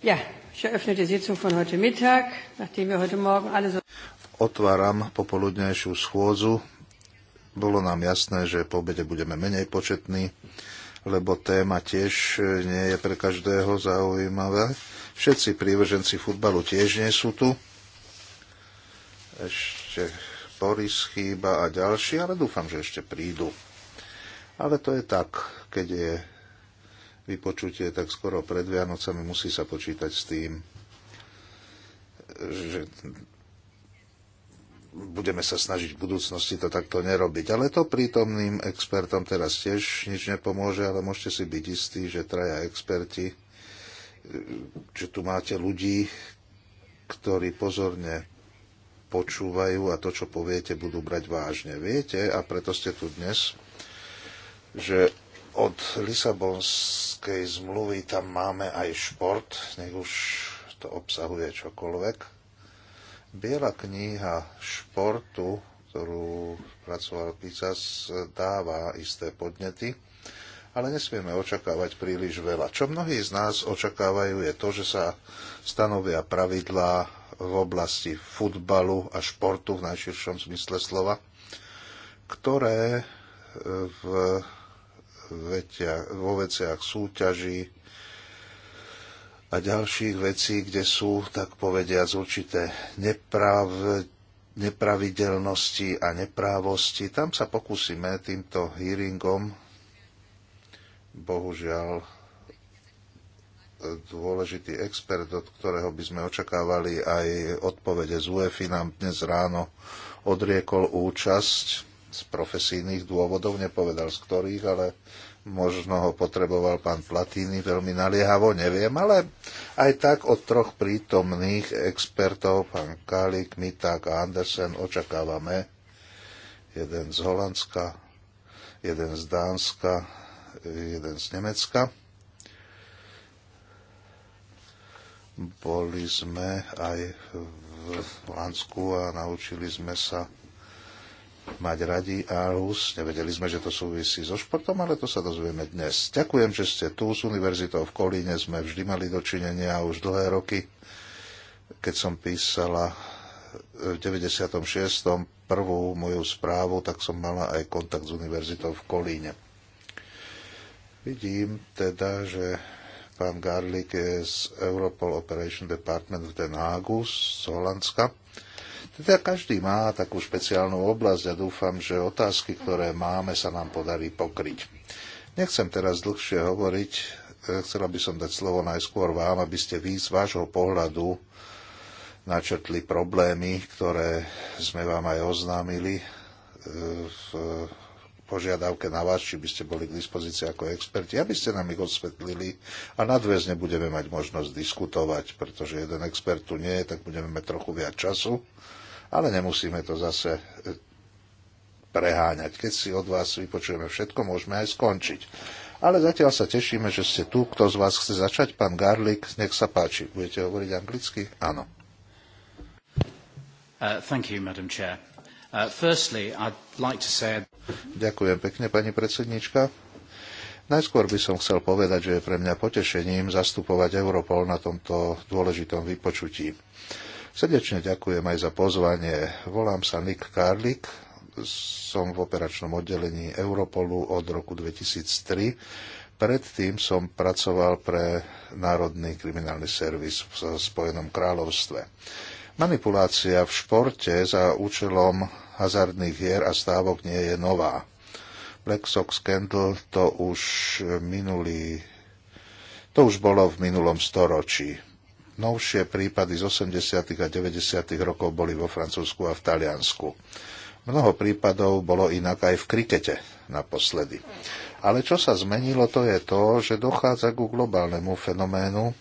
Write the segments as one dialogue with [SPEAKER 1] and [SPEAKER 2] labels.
[SPEAKER 1] Ja, ich eröffne die Sitzung von heute Mittag, nachdem wir heute Morgen alle
[SPEAKER 2] so... Otváram popoludnejšiu schôzu. Bolo nám jasné, že po obede budeme menej početní, lebo téma tiež e, nie je pre každého zaujímavá. Všetci prívrženci futbalu tiež nie sú tu. Ešte Boris chýba a ďalší, ale dúfam, že ešte prídu. Ale to je tak, keď je vypočutie tak skoro pred Vianocami, musí sa počítať s tým, že budeme sa snažiť v budúcnosti to takto nerobiť. Ale to prítomným expertom teraz tiež nič nepomôže, ale môžete si byť istí, že traja experti, že tu máte ľudí, ktorí pozorne počúvajú a to, čo poviete, budú brať vážne. Viete, a preto ste tu dnes, že od Lisabonskej zmluvy tam máme aj šport, nech už to obsahuje čokoľvek. Biela kniha športu, ktorú pracoval Picas, dáva isté podnety, ale nesmieme očakávať príliš veľa. Čo mnohí z nás očakávajú je to, že sa stanovia pravidlá v oblasti futbalu a športu v najširšom zmysle slova, ktoré v vo veciach súťaží a ďalších vecí, kde sú, tak povedia, z určité neprav, nepravidelnosti a neprávosti. Tam sa pokúsime týmto hearingom, bohužiaľ, dôležitý expert, od ktorého by sme očakávali aj odpovede z UEFI, nám dnes ráno odriekol účasť z profesijných dôvodov, nepovedal z ktorých, ale možno ho potreboval pán Platini veľmi naliehavo, neviem, ale aj tak od troch prítomných expertov, pán Kalik, Miták a Andersen, očakávame jeden z Holandska, jeden z Dánska, jeden z Nemecka. Boli sme aj v Holandsku a naučili sme sa mať radi Aarhus. Nevedeli sme, že to súvisí so športom, ale to sa dozvieme dnes. Ďakujem, že ste tu s univerzitou v Kolíne. Sme vždy mali dočinenia už dlhé roky. Keď som písala v 96. prvú moju správu, tak som mala aj kontakt s univerzitou v Kolíne. Vidím teda, že pán Garlik je z Europol Operation Department v Den Hagu z Holandska teda každý má takú špeciálnu oblasť a dúfam, že otázky, ktoré máme, sa nám podarí pokryť. Nechcem teraz dlhšie hovoriť, e, chcela by som dať slovo najskôr vám, aby ste vy z vášho pohľadu načrtli problémy, ktoré sme vám aj oznámili e, v požiadavke na vás, či by ste boli k dispozícii ako experti, aby ste nám ich osvetlili a nadväzne budeme mať možnosť diskutovať, pretože jeden expert tu nie je, tak budeme mať trochu viac času ale nemusíme to zase e, preháňať. Keď si od vás vypočujeme všetko, môžeme aj skončiť. Ale zatiaľ sa tešíme, že ste tu. Kto z vás chce začať? Pán Garlik, nech sa páči. Budete hovoriť anglicky? Áno.
[SPEAKER 1] Uh, thank you, Madam Chair. Uh, firstly, I'd like to say...
[SPEAKER 2] Ďakujem pekne, pani predsednička. Najskôr by som chcel povedať, že je pre mňa potešením zastupovať Europol na tomto dôležitom vypočutí. Srdečne ďakujem aj za pozvanie. Volám sa Nick Karlik, som v operačnom oddelení Europolu od roku 2003. Predtým som pracoval pre Národný kriminálny servis v Spojenom kráľovstve. Manipulácia v športe za účelom hazardných hier a stávok nie je nová. Black Sox Candle to už minulý to už bolo v minulom storočí Novšie prípady z 80. a 90. rokov boli vo Francúzsku a v Taliansku. Mnoho prípadov bolo inak aj v krikete naposledy. Ale čo sa zmenilo, to je to, že dochádza ku globálnemu fenoménu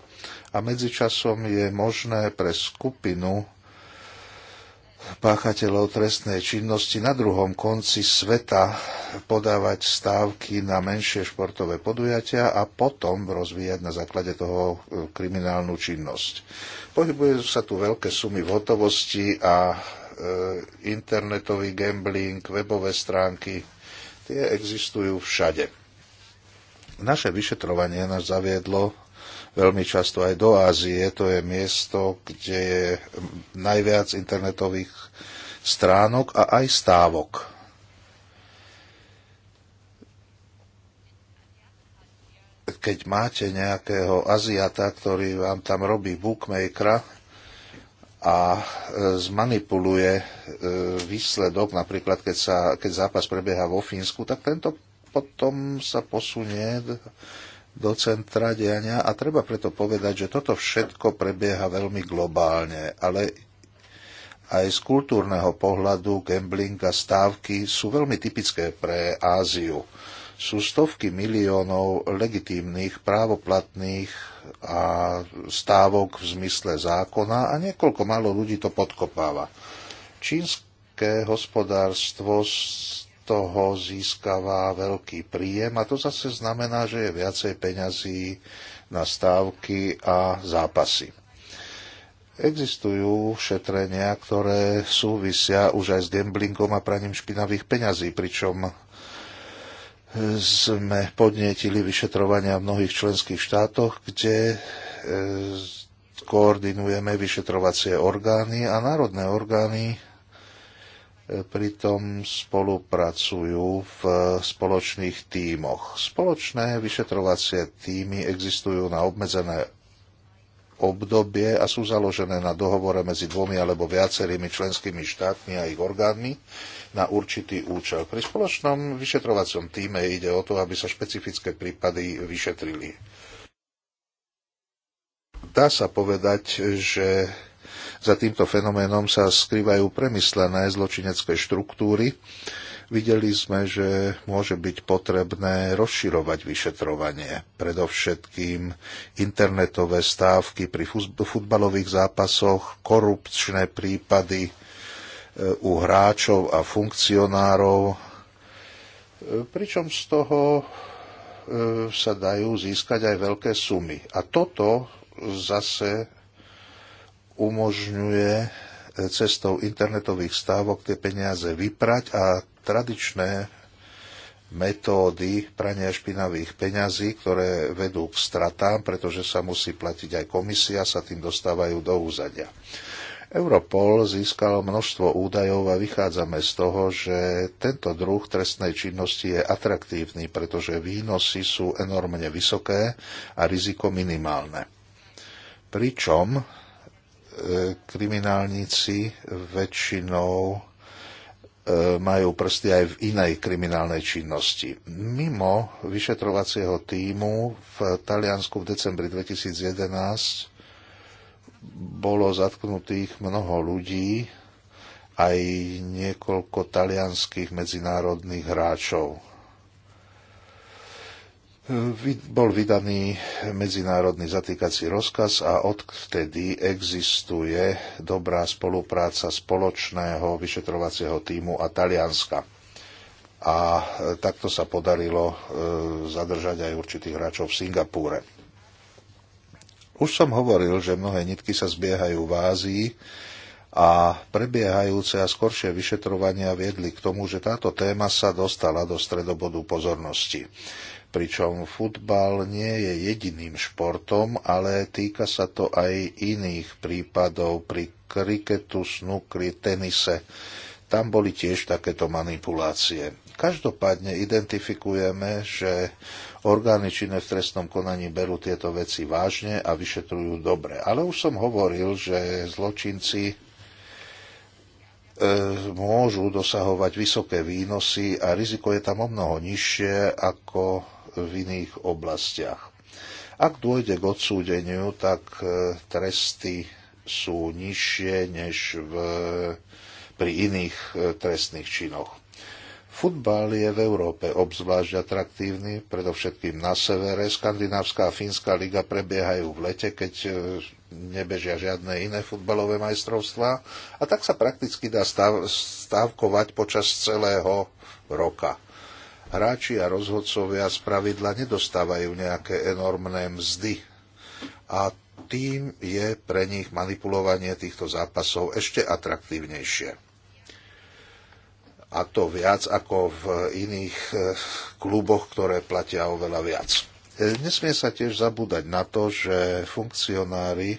[SPEAKER 2] a medzičasom je možné pre skupinu páchateľov trestnej činnosti na druhom konci sveta podávať stávky na menšie športové podujatia a potom rozvíjať na základe toho e, kriminálnu činnosť. Pohybujú sa tu veľké sumy v hotovosti a e, internetový gambling, webové stránky, tie existujú všade. Naše vyšetrovanie nás zaviedlo veľmi často aj do Ázie. To je miesto, kde je najviac internetových stránok a aj stávok. Keď máte nejakého Aziata, ktorý vám tam robí bookmakera a e, zmanipuluje e, výsledok, napríklad keď, sa, keď zápas prebieha vo Fínsku, tak tento potom sa posunie do centra diania a treba preto povedať, že toto všetko prebieha veľmi globálne, ale aj z kultúrneho pohľadu gambling a stávky sú veľmi typické pre Áziu. Sú stovky miliónov legitímnych, právoplatných a stávok v zmysle zákona a niekoľko málo ľudí to podkopáva. Čínske hospodárstvo toho získava veľký príjem a to zase znamená, že je viacej peňazí na stávky a zápasy. Existujú šetrenia, ktoré súvisia už aj s gamblingom a praním špinavých peňazí, pričom sme podnietili vyšetrovania v mnohých členských štátoch, kde eh, koordinujeme vyšetrovacie orgány a národné orgány pritom spolupracujú v spoločných tímoch. Spoločné vyšetrovacie týmy existujú na obmedzené obdobie a sú založené na dohovore medzi dvomi alebo viacerými členskými štátmi a ich orgánmi na určitý účel. Pri spoločnom vyšetrovacom týme ide o to, aby sa špecifické prípady vyšetrili. Dá sa povedať, že za týmto fenoménom sa skrývajú premyslené zločinecké štruktúry. Videli sme, že môže byť potrebné rozširovať vyšetrovanie, predovšetkým internetové stávky pri futbalových zápasoch, korupčné prípady e, u hráčov a funkcionárov, e, pričom z toho e, sa dajú získať aj veľké sumy. A toto zase umožňuje e, cestou internetových stávok tie peniaze vyprať a tradičné metódy prania špinavých peňazí, ktoré vedú k stratám, pretože sa musí platiť aj komisia, sa tým dostávajú do úzadia. Europol získal množstvo údajov a vychádzame z toho, že tento druh trestnej činnosti je atraktívny, pretože výnosy sú enormne vysoké a riziko minimálne. Pričom E, kriminálnici väčšinou e, majú prsty aj v inej kriminálnej činnosti. Mimo vyšetrovacieho týmu v Taliansku v decembri 2011 bolo zatknutých mnoho ľudí, aj niekoľko talianských medzinárodných hráčov bol vydaný medzinárodný zatýkací rozkaz a odvtedy existuje dobrá spolupráca spoločného vyšetrovacieho týmu a Talianska. A e, takto sa podarilo e, zadržať aj určitých hráčov v Singapúre. Už som hovoril, že mnohé nitky sa zbiehajú v Ázii a prebiehajúce a skoršie vyšetrovania viedli k tomu, že táto téma sa dostala do stredobodu pozornosti pričom futbal nie je jediným športom, ale týka sa to aj iných prípadov pri kriketu, snukri, tenise. Tam boli tiež takéto manipulácie. Každopádne identifikujeme, že orgány činné v trestnom konaní berú tieto veci vážne a vyšetrujú dobre. Ale už som hovoril, že zločinci e, môžu dosahovať vysoké výnosy a riziko je tam o mnoho nižšie ako v iných oblastiach. Ak dôjde k odsúdeniu, tak e, tresty sú nižšie než v, pri iných e, trestných činoch. Futbal je v Európe obzvlášť atraktívny, predovšetkým na severe. Skandinávska a Fínska liga prebiehajú v lete, keď e, nebežia žiadne iné futbalové majstrovstvá a tak sa prakticky dá stav, stávkovať počas celého roka hráči a rozhodcovia z pravidla nedostávajú nejaké enormné mzdy a tým je pre nich manipulovanie týchto zápasov ešte atraktívnejšie. A to viac ako v iných eh, kluboch, ktoré platia oveľa viac. Eh, nesmie sa tiež zabúdať na to, že funkcionári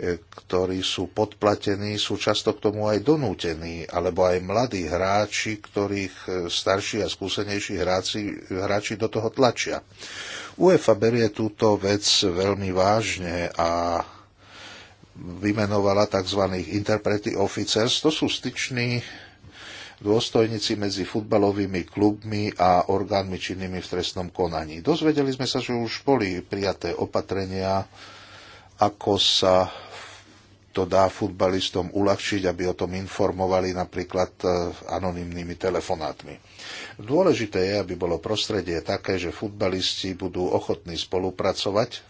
[SPEAKER 2] E, ktorí sú podplatení, sú často k tomu aj donútení, alebo aj mladí hráči, ktorých e, starší a skúsenejší hráči, hráči do toho tlačia. UEFA berie túto vec veľmi vážne a vymenovala tzv. interprety officers. To sú styční dôstojníci medzi futbalovými klubmi a orgánmi činnými v trestnom konaní. Dozvedeli sme sa, že už boli prijaté opatrenia, ako sa to dá futbalistom uľahčiť, aby o tom informovali napríklad e, anonymnými telefonátmi. Dôležité je, aby bolo prostredie také, že futbalisti budú ochotní spolupracovať,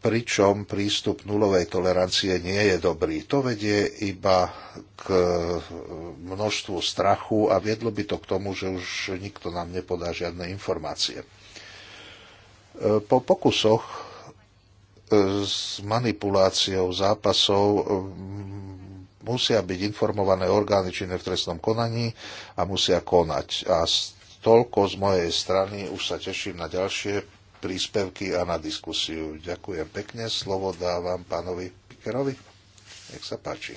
[SPEAKER 2] pričom prístup nulovej tolerancie nie je dobrý. To vedie iba k e, množstvu strachu a viedlo by to k tomu, že už nikto nám nepodá žiadne informácie. E, po pokusoch s manipuláciou zápasov mm, musia byť informované orgány činné v trestnom konaní a musia konať. A toľko z mojej strany, už sa teším na ďalšie príspevky a na diskusiu. Ďakujem pekne, slovo dávam pánovi Pikerovi. Nech sa páči.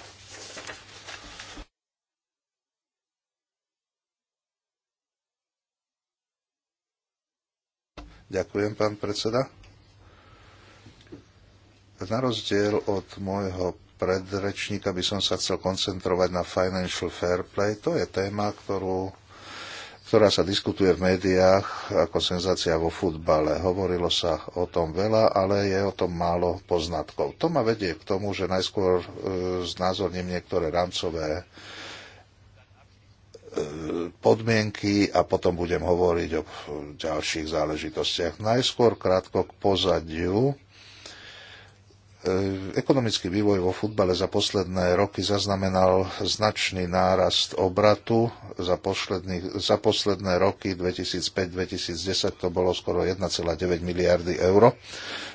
[SPEAKER 2] Ďakujem, pán predseda. Na rozdiel od môjho predrečníka by som sa chcel koncentrovať na financial fair play. To je téma, ktorú, ktorá sa diskutuje v médiách ako senzácia vo futbale. Hovorilo sa o tom veľa, ale je o tom málo poznatkov. To ma vedie k tomu, že najskôr e, znázorním niektoré rámcové e, podmienky a potom budem hovoriť o ďalších záležitostiach. Najskôr krátko k pozadiu E, ekonomický vývoj vo futbale za posledné roky zaznamenal značný nárast obratu. Za, za posledné roky 2005-2010 to bolo skoro 1,9 miliardy eur.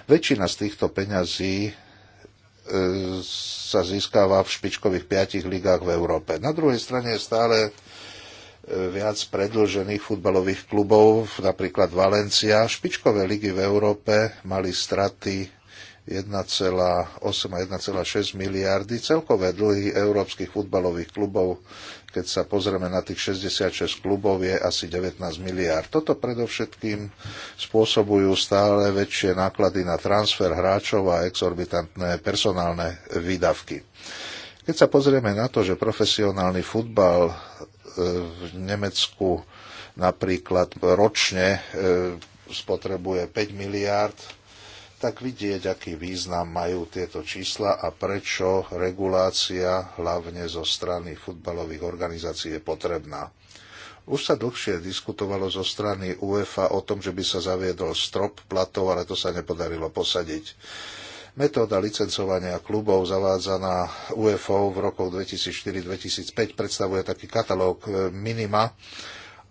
[SPEAKER 2] Väčšina z týchto peňazí e, sa získava v špičkových piatich ligách v Európe. Na druhej strane je stále e, viac predlžených futbalových klubov, napríklad Valencia. Špičkové ligy v Európe mali straty 1,8 a 1,6 miliardy celkové dlhy európskych futbalových klubov, keď sa pozrieme na tých 66 klubov, je asi 19 miliard. Toto predovšetkým spôsobujú stále väčšie náklady na transfer hráčov a exorbitantné personálne výdavky. Keď sa pozrieme na to, že profesionálny futbal e, v Nemecku napríklad ročne e, spotrebuje 5 miliárd tak vidieť, aký význam majú tieto čísla a prečo regulácia hlavne zo strany futbalových organizácií je potrebná. Už sa dlhšie diskutovalo zo strany UEFA o tom, že by sa zaviedol strop platov, ale to sa nepodarilo posadiť. Metóda licencovania klubov zavádzaná UEFA v rokoch 2004-2005 predstavuje taký katalóg e, minima,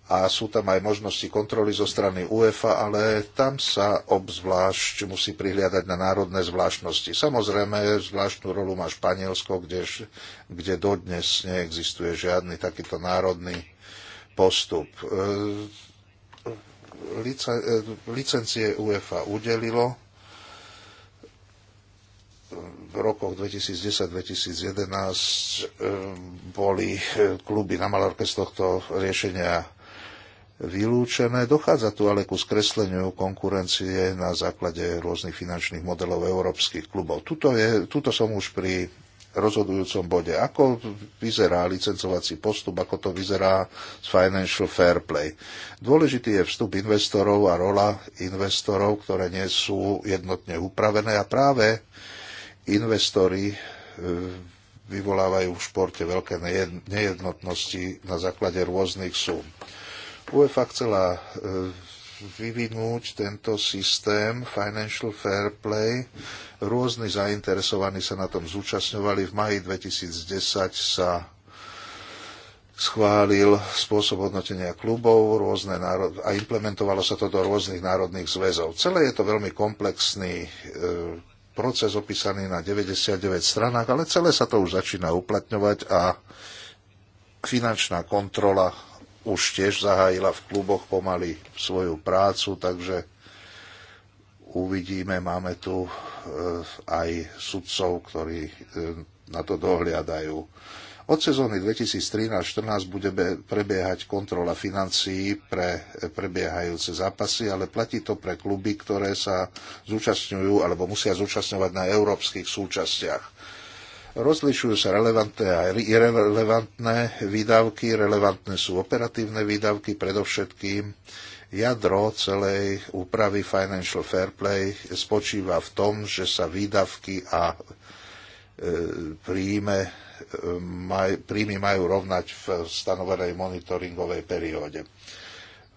[SPEAKER 2] a sú tam aj možnosti kontroly zo strany UEFA, ale tam sa obzvlášť musí prihliadať na národné zvláštnosti. Samozrejme, zvláštnu rolu má Španielsko, kde, kde dodnes neexistuje žiadny takýto národný postup. E, e, licencie UEFA udelilo v rokoch 2010-2011 e, boli kluby na Malorke z tohto riešenia vylúčené. Dochádza tu ale ku skresleniu konkurencie na základe rôznych finančných modelov európskych klubov. Tuto, je, tuto som už pri rozhodujúcom bode. Ako vyzerá licencovací postup, ako to vyzerá s Financial Fair Play. Dôležitý je vstup investorov a rola investorov, ktoré nie sú jednotne upravené a práve investori e, vyvolávajú v športe veľké nejednotnosti na základe rôznych súm. UEFA chcela e, vyvinúť tento systém Financial Fair Play. Rôzni zainteresovaní sa na tom zúčastňovali. V maji 2010 sa schválil spôsob hodnotenia klubov rôzne národ- a implementovalo sa to do rôznych národných zväzov. Celé je to veľmi komplexný e, proces opísaný na 99 stranách, ale celé sa to už začína uplatňovať a finančná kontrola už tiež zahájila v kluboch pomaly svoju prácu, takže uvidíme, máme tu e, aj sudcov, ktorí e, na to dohliadajú. Od sezóny 2013-2014 bude prebiehať kontrola financií pre prebiehajúce zápasy, ale platí to pre kluby, ktoré sa zúčastňujú alebo musia zúčastňovať na európskych súčastiach. Rozlišujú sa relevantné a irrelevantné výdavky. Relevantné sú operatívne výdavky, predovšetkým jadro celej úpravy Financial Fair Play spočíva v tom, že sa výdavky a e, príjme, e, maj, príjmy majú rovnať v stanovenej monitoringovej perióde.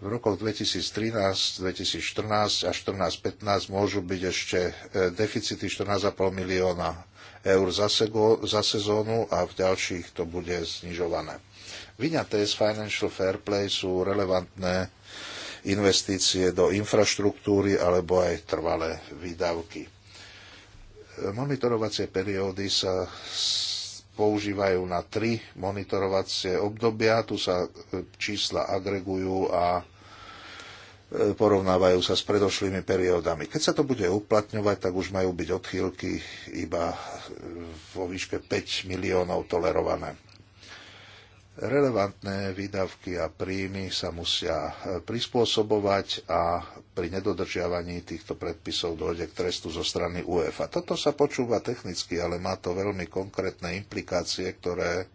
[SPEAKER 2] V rokoch 2013, 2014 a 2014-15 môžu byť ešte e, deficity 14,5 milióna eur za, sego, za sezónu a v ďalších to bude znižované. Vyňaté z Financial Fair Play sú relevantné investície do infraštruktúry alebo aj trvalé výdavky. Monitorovacie periódy sa používajú na tri monitorovacie obdobia, tu sa čísla agregujú a porovnávajú sa s predošlými periódami. Keď sa to bude uplatňovať, tak už majú byť odchýlky iba vo výške 5 miliónov tolerované. Relevantné výdavky a príjmy sa musia prispôsobovať a pri nedodržiavaní týchto predpisov dojde k trestu zo strany UEFA. Toto sa počúva technicky, ale má to veľmi konkrétne implikácie, ktoré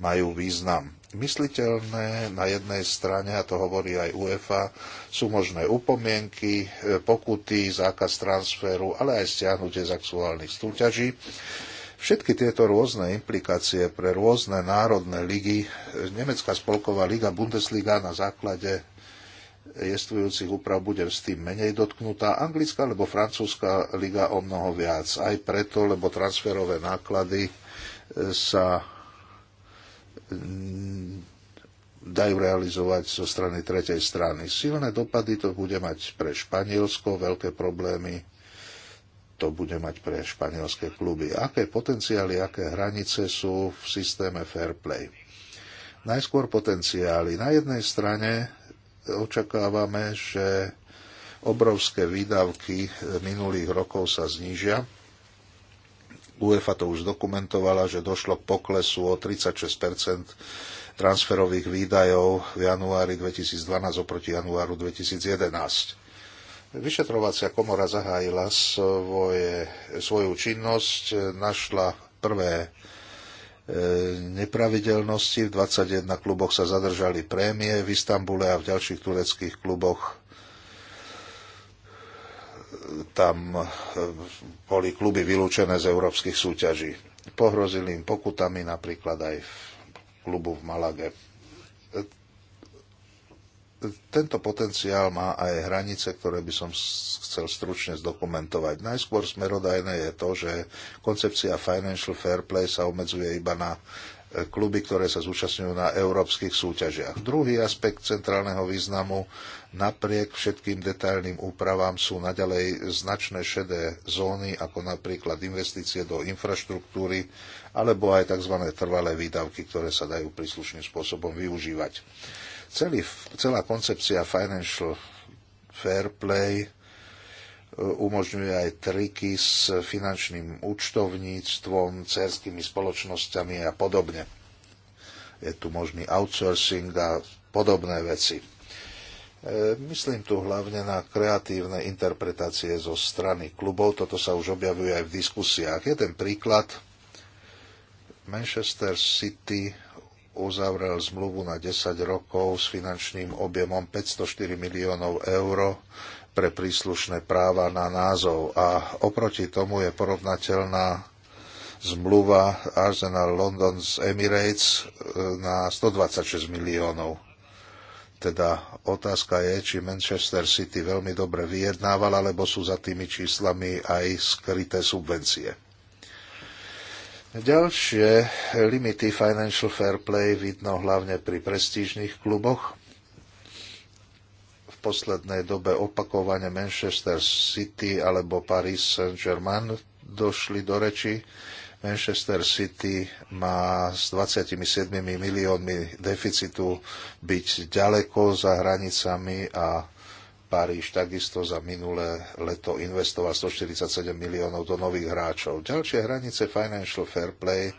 [SPEAKER 2] majú význam. Mysliteľné na jednej strane, a to hovorí aj UEFA, sú možné upomienky, e, pokuty, zákaz transferu, ale aj stiahnutie z aktuálnych súťaží. Všetky tieto rôzne implikácie pre rôzne národné ligy, e, Nemecká spolková liga Bundesliga na základe jestvujúcich úprav bude s tým menej dotknutá. Anglická alebo francúzska liga o mnoho viac. Aj preto, lebo transferové náklady e, sa Mm, dajú realizovať zo strany tretej strany. Silné dopady to bude mať pre Španielsko, veľké problémy to bude mať pre španielské kluby. Aké potenciály, aké hranice sú v systéme fair play? Najskôr potenciály. Na jednej strane očakávame, že obrovské výdavky minulých rokov sa znížia UEFA to už dokumentovala, že došlo k poklesu o 36 transferových výdajov v januári 2012 oproti januáru 2011. Vyšetrovacia komora zahájila svoje, svoju činnosť, našla prvé e, nepravidelnosti. V 21 kluboch sa zadržali prémie, v Istambule a v ďalších tureckých kluboch tam e, boli kluby vylúčené z európskych súťaží. Pohrozili im pokutami napríklad aj v klubu v Malage. E, tento potenciál má aj hranice, ktoré by som chcel stručne zdokumentovať. Najskôr smerodajné je to, že koncepcia financial fair play sa obmedzuje iba na kluby, ktoré sa zúčastňujú na európskych súťažiach. Druhý aspekt centrálneho významu, napriek všetkým detailným úpravám sú naďalej značné šedé zóny, ako napríklad investície do infraštruktúry, alebo aj tzv. trvalé výdavky, ktoré sa dajú príslušným spôsobom využívať. Celý, celá koncepcia financial fair play umožňuje aj triky s finančným účtovníctvom, cerskými spoločnosťami a podobne. Je tu možný outsourcing a podobné veci. E, myslím tu hlavne na kreatívne interpretácie zo strany klubov. Toto sa už objavuje aj v diskusiách. Jeden príklad. Manchester City uzavrel zmluvu na 10 rokov s finančným objemom 504 miliónov eur pre príslušné práva na názov a oproti tomu je porovnateľná zmluva Arsenal London z Emirates e, na 126 miliónov. Teda otázka je, či Manchester City veľmi dobre vyjednával, alebo sú za tými číslami aj skryté subvencie. Ďalšie limity Financial Fair Play vidno hlavne pri prestížnych kluboch, v poslednej dobe opakovane Manchester City alebo Paris Saint-Germain došli do reči. Manchester City má s 27 miliónmi deficitu byť ďaleko za hranicami a Paríž takisto za minulé leto investoval 147 miliónov do nových hráčov. Ďalšie hranice Financial Fair Play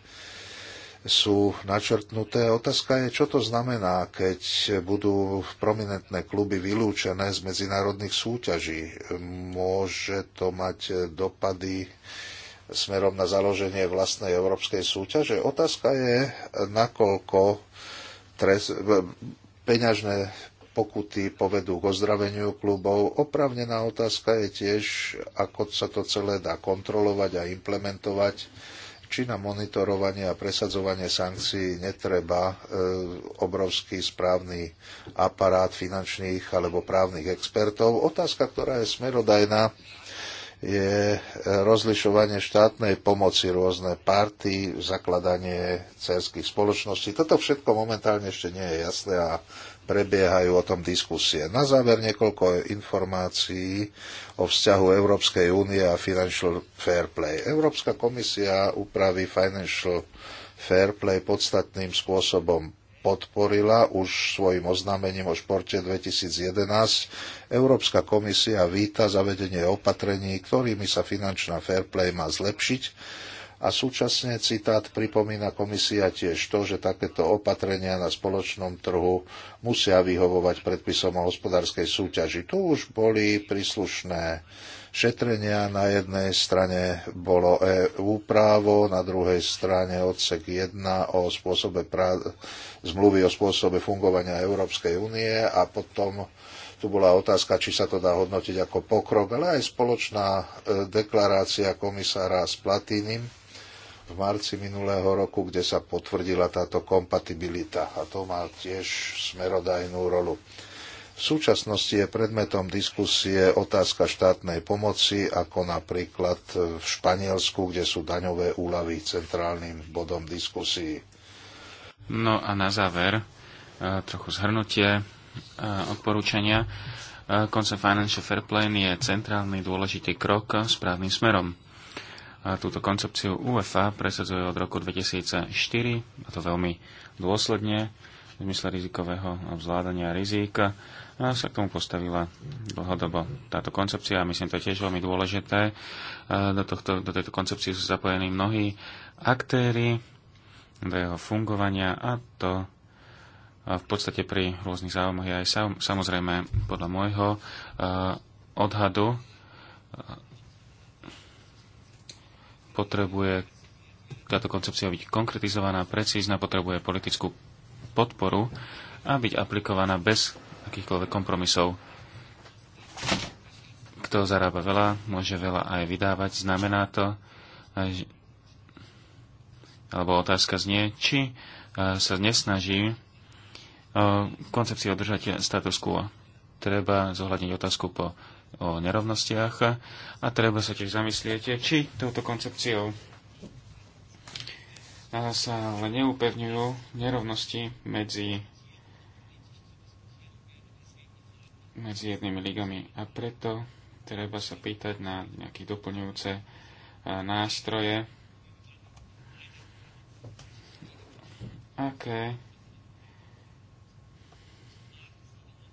[SPEAKER 2] sú načrtnuté. Otázka je, čo to znamená, keď budú prominentné kluby vylúčené z medzinárodných súťaží. Môže to mať dopady smerom na založenie vlastnej európskej súťaže. Otázka je, nakoľko trest, peňažné pokuty povedú k ozdraveniu klubov. Opravnená otázka je tiež, ako sa to celé dá kontrolovať a implementovať či na monitorovanie a presadzovanie sankcií netreba e, obrovský správny aparát finančných alebo právnych expertov. Otázka, ktorá je smerodajná, je e, rozlišovanie štátnej pomoci, rôzne party, zakladanie cerských spoločností. Toto všetko momentálne ešte nie je jasné a prebiehajú o tom diskusie. Na záver niekoľko informácií o vzťahu Európskej únie a Financial Fair Play. Európska komisia upraví Financial Fair Play podstatným spôsobom podporila už svojim oznámením o športe 2011. Európska komisia víta zavedenie opatrení, ktorými sa finančná fair play má zlepšiť a súčasne citát pripomína komisia tiež to, že takéto opatrenia na spoločnom trhu musia vyhovovať predpisom o hospodárskej súťaži. Tu už boli príslušné šetrenia. Na jednej strane bolo EU právo, na druhej strane odsek 1 o spôsobe prá- zmluvy o spôsobe fungovania Európskej únie a potom tu bola otázka, či sa to dá hodnotiť ako pokrok, ale aj spoločná e, deklarácia komisára s Platinim v marci minulého roku, kde sa potvrdila táto kompatibilita a to má tiež smerodajnú rolu. V súčasnosti je predmetom diskusie otázka štátnej pomoci, ako napríklad v Španielsku, kde sú daňové úľavy centrálnym bodom diskusí.
[SPEAKER 3] No a na záver e, trochu zhrnutie e, odporúčania. E, koncept Financial Fair plan je centrálny dôležitý krok správnym smerom túto koncepciu UEFA presadzuje od roku 2004, a to veľmi dôsledne, v zmysle rizikového zvládania rizika. A sa k tomu postavila dlhodobo táto koncepcia a myslím, to je tiež veľmi dôležité. Do, tohto, do tejto koncepcie sú zapojení mnohí aktéry do jeho fungovania a to v podstate pri rôznych záujmoch je aj samozrejme podľa môjho odhadu potrebuje táto koncepcia byť konkretizovaná, precízna, potrebuje politickú podporu a byť aplikovaná bez akýchkoľvek kompromisov. Kto zarába veľa, môže veľa aj vydávať. Znamená to, že... alebo otázka znie, či e, sa nesnaží e, koncepcii održať status quo. Treba zohľadniť otázku po o nerovnostiach a treba sa tiež zamyslieť, či touto koncepciou sa ale neupevňujú nerovnosti medzi, medzi jednými ligami. A preto treba sa pýtať na nejaké doplňujúce e, nástroje, aké okay.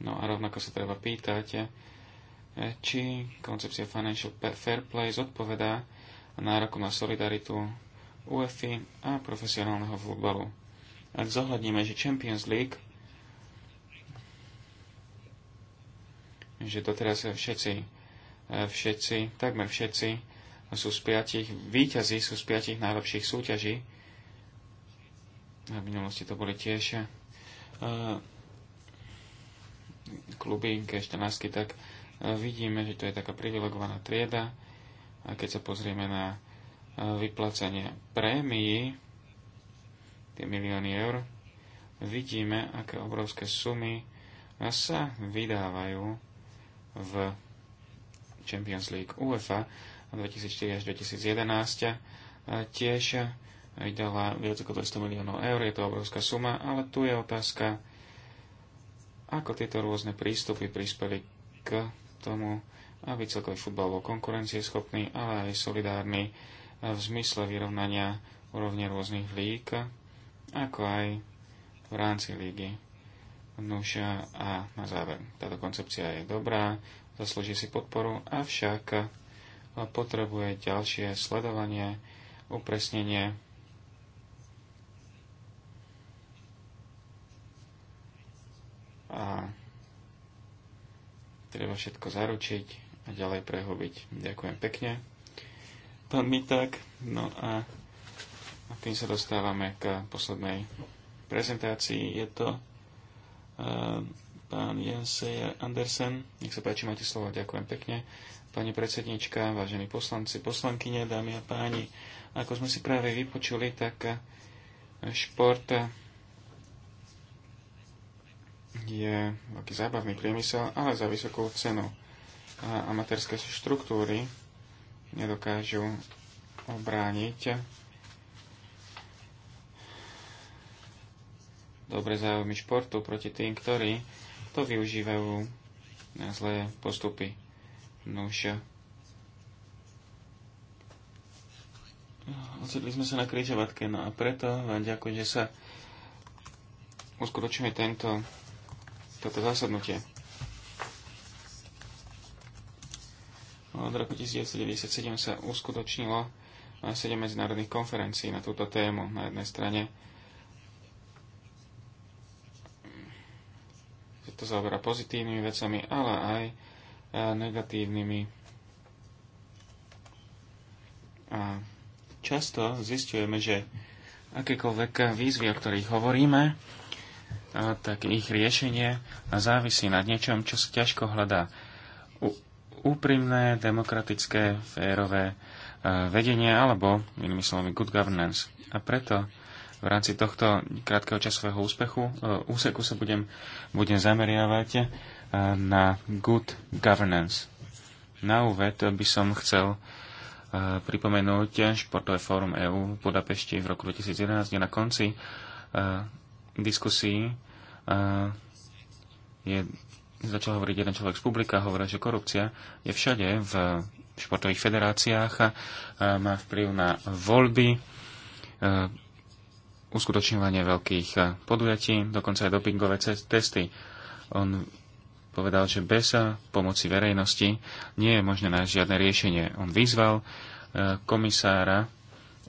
[SPEAKER 3] No a rovnako sa treba pýtať, či koncepcia Financial Fair Play zodpovedá nárokom na solidaritu UEFI a profesionálneho futbalu. Ak zohľadníme, že Champions League že doteraz všetci, e, všetci, takmer všetci sú z piatich, výťazí sú z piatich najlepších súťaží. V minulosti to boli tiež e, kluby G14, tak vidíme, že to je taká privilegovaná trieda. A keď sa pozrieme na e, vyplácanie prémií, tie milióny eur, vidíme, aké obrovské sumy sa vydávajú v Champions League UEFA 2004 až 2011 tiež vydala viac ako 200 miliónov eur, je to obrovská suma, ale tu je otázka, ako tieto rôzne prístupy prispeli k tomu, aby celkový futbal bol konkurencieschopný, ale aj solidárny e, v zmysle vyrovnania úrovne rôznych líg, ako aj v rámci lígy. Nuž a na záver, táto koncepcia je dobrá, zaslúži si podporu, avšak e, potrebuje ďalšie sledovanie, upresnenie treba všetko zaručiť a ďalej prehlbiť. Ďakujem pekne. Pán Miták, no a, a tým sa dostávame k poslednej prezentácii. Je to uh, pán Jensejer Andersen. Nech sa páči, máte slovo. Ďakujem pekne. Pani predsednička, vážení poslanci, poslankyne, dámy a páni, ako sme si práve vypočuli, tak šport je veľký zábavný priemysel, ale za vysokú cenu. A amatérske štruktúry nedokážu obrániť dobre záujmy športu proti tým, ktorí to využívajú na zlé postupy. Nuž. Ocitli sme sa na kryťovatke, no a preto vám ďakujem, že sa uskutočňuje tento toto zasadnutie. No, od roku 1997 sa uskutočnilo 7 eh, medzinárodných konferencií na túto tému. Na jednej strane Je to zaoberá pozitívnymi vecami, ale aj eh, negatívnymi. A často zistujeme, že akékoľvek výzvy, o ktorých hovoríme, tak ich riešenie závisí nad niečom, čo sa ťažko hľadá. Úprimné, demokratické, férové e, vedenie alebo, inými slovami, good governance. A preto v rámci tohto krátkeho časového úspechu, e, úseku sa budem, budem zameriavať e, na good governance. Na úved by som chcel pripomenúť Športové fórum EÚ v Budapešti v roku 2011, kde na konci diskusii je, začal hovoriť jeden človek z publika, hovoril, že korupcia je všade v športových federáciách, a má vplyv na voľby, e, uskutočňovanie veľkých e, podujatí, dokonca aj dopingové testy. On povedal, že bez e, pomoci verejnosti nie je možné nájsť žiadne riešenie. On vyzval komisára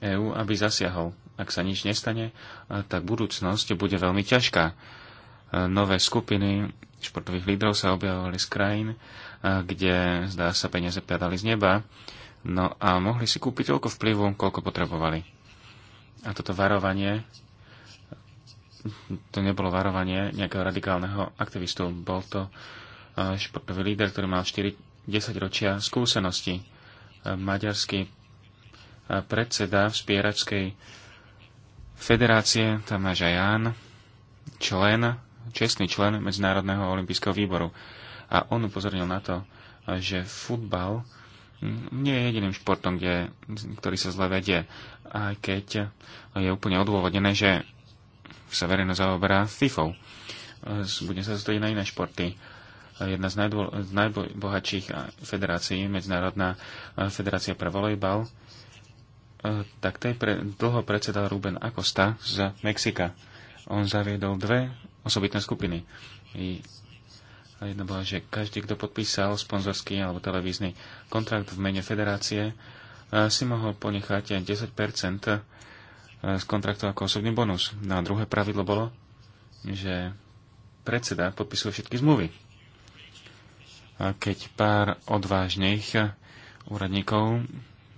[SPEAKER 3] EÚ, aby zasiahol. Ak sa nič nestane, tak budúcnosť bude veľmi ťažká nové skupiny športových lídrov sa objavovali z krajín, kde zdá sa peniaze piadali z neba, no a mohli si kúpiť toľko vplyvu, koľko potrebovali. A toto varovanie, to nebolo varovanie nejakého radikálneho aktivistu, bol to športový líder, ktorý mal 4, 10 ročia skúsenosti. Maďarský predseda Spieračskej federácie Tamáža Ján, člen čestný člen Medzinárodného olympijského výboru. A on upozornil na to, že futbal nie je jediným športom, kde, ktorý sa zle vedie. Aj keď je úplne odôvodnené, že sa verejno zaoberá FIFO. E, bude sa zostať na iné športy jedna z, najdô, z najbohatších federácií, Medzinárodná e, federácia pre volejbal, e, tak tej pre, dlho predsedal Ruben Acosta z Mexika. On zaviedol dve osobitné skupiny. I jedna bola, že každý, kto podpísal sponzorský alebo televízny kontrakt v mene federácie, e, si mohol ponechať 10 e, z kontraktu ako osobný bonus. No a druhé pravidlo bolo, že predseda podpisuje všetky zmluvy. A keď pár odvážnych e, úradníkov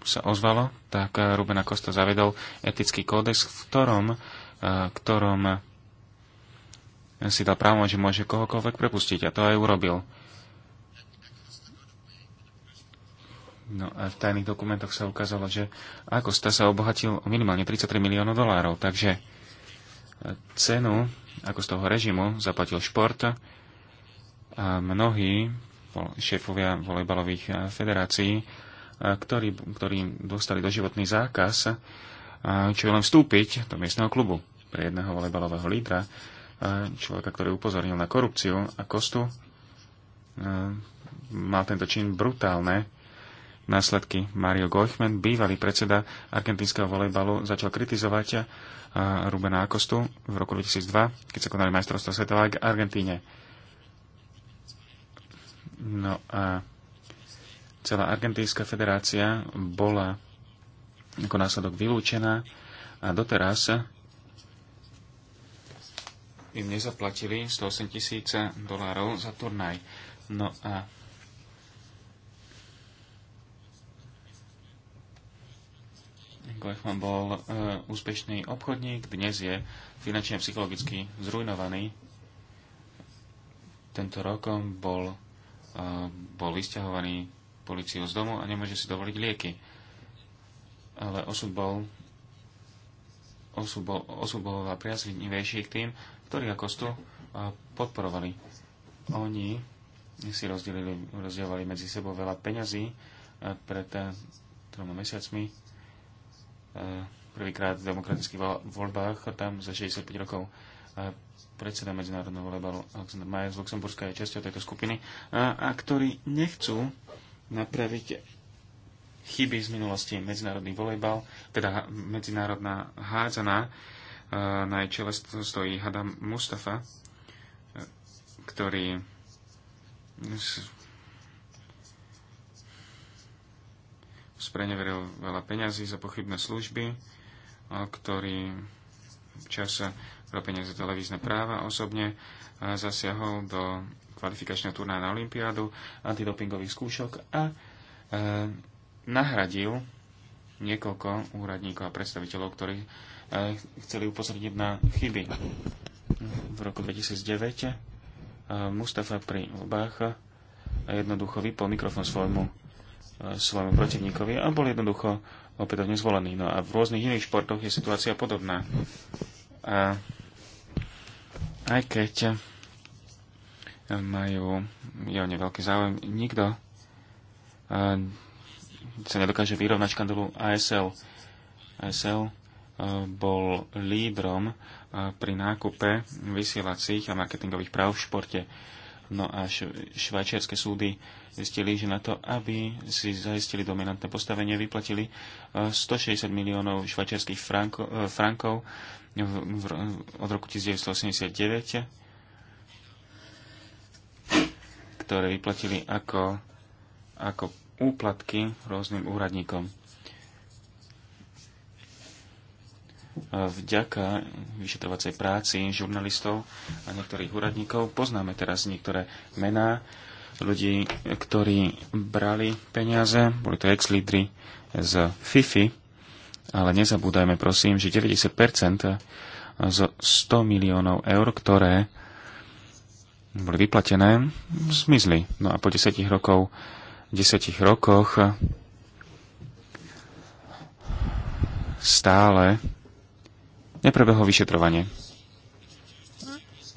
[SPEAKER 3] sa ozvalo, tak Rubena Kosta zavedol etický kódex, v ktorom, ktorom si dal právo, že môže kohokoľvek prepustiť a to aj urobil. No a v tajných dokumentoch sa ukázalo, že Akosta sa obohatil o minimálne 33 miliónov dolárov, takže e, cenu ako z toho režimu zaplatil šport a mnohí šéfovia volejbalových e, federácií, e, ktorí, ktorí dostali doživotný zákaz, čo len vstúpiť do miestneho klubu pre jedného volejbalového lídra, človeka, ktorý upozornil na korupciu a kostu, e, mal tento čin brutálne následky. Mario Goichman, bývalý predseda argentínskeho volejbalu, začal kritizovať e, Rubena Akostu v roku 2002, keď sa konali majstrovstvá sveta v Argentíne. No a celá Argentínska federácia bola ako následok vylúčená a doteraz im nezaplatili 108 tisíc dolárov za turnaj. No a Glechman bol e, úspešný obchodník, dnes je finančne a psychologicky zrujnovaný. Tento rokom bol, e, bol vysťahovaný policiou z domu a nemôže si dovoliť lieky. Ale osud bol osud bol, osud bol k tým, ktorí ako stu e, podporovali. Oni si rozdielili, rozdielovali medzi sebou veľa peňazí e, pred e, troma mesiacmi. Prvýkrát v demokratických voľbách, tam za 65 rokov predseda Medzinárodného volebalu Alexander Majer z Luxemburska je časťou tejto skupiny, a, a ktorí nechcú napraviť chyby z minulosti medzinárodný volejbal, teda medzinárodná hádzaná, na jej čele stojí Hadam Mustafa, e, ktorý spreneveril veľa peňazí za pochybné služby, ktorý čas pro peniaze televízne práva osobne e, zasiahol do kvalifikačného turnaja na Olympiádu, antidopingových skúšok a e, nahradil niekoľko úradníkov a predstaviteľov, ktorí chceli upozorniť na chyby. V roku 2009 eh, Mustafa pri voľbách eh, jednoducho vypol mikrofón svojmu, eh, svojmu protivníkovi a bol jednoducho opätovne zvolený. No a v rôznych iných športoch je situácia podobná. A aj keď majú javne veľký záujem, nikto sa nedokáže vyrovnať škandalu ASL. ASL bol lídrom eh, pri nákupe vysielacích a marketingových práv v športe. No a švajčiarske súdy zistili, že na to, aby si zaistili dominantné postavenie, vyplatili 160 eh, miliónov švajčiarských franko, eh, frankov v, v, od roku 1989, ktoré vyplatili ako, ako úplatky rôznym úradníkom. vďaka vyšetrovacej práci žurnalistov a niektorých úradníkov poznáme teraz niektoré mená ľudí, ktorí brali peniaze, boli to ex-lídry z FIFI, ale nezabúdajme prosím, že 90% z 100 miliónov eur, ktoré boli vyplatené, zmizli. No a po 10 rokov, 10 rokoch stále neprebehlo vyšetrovanie.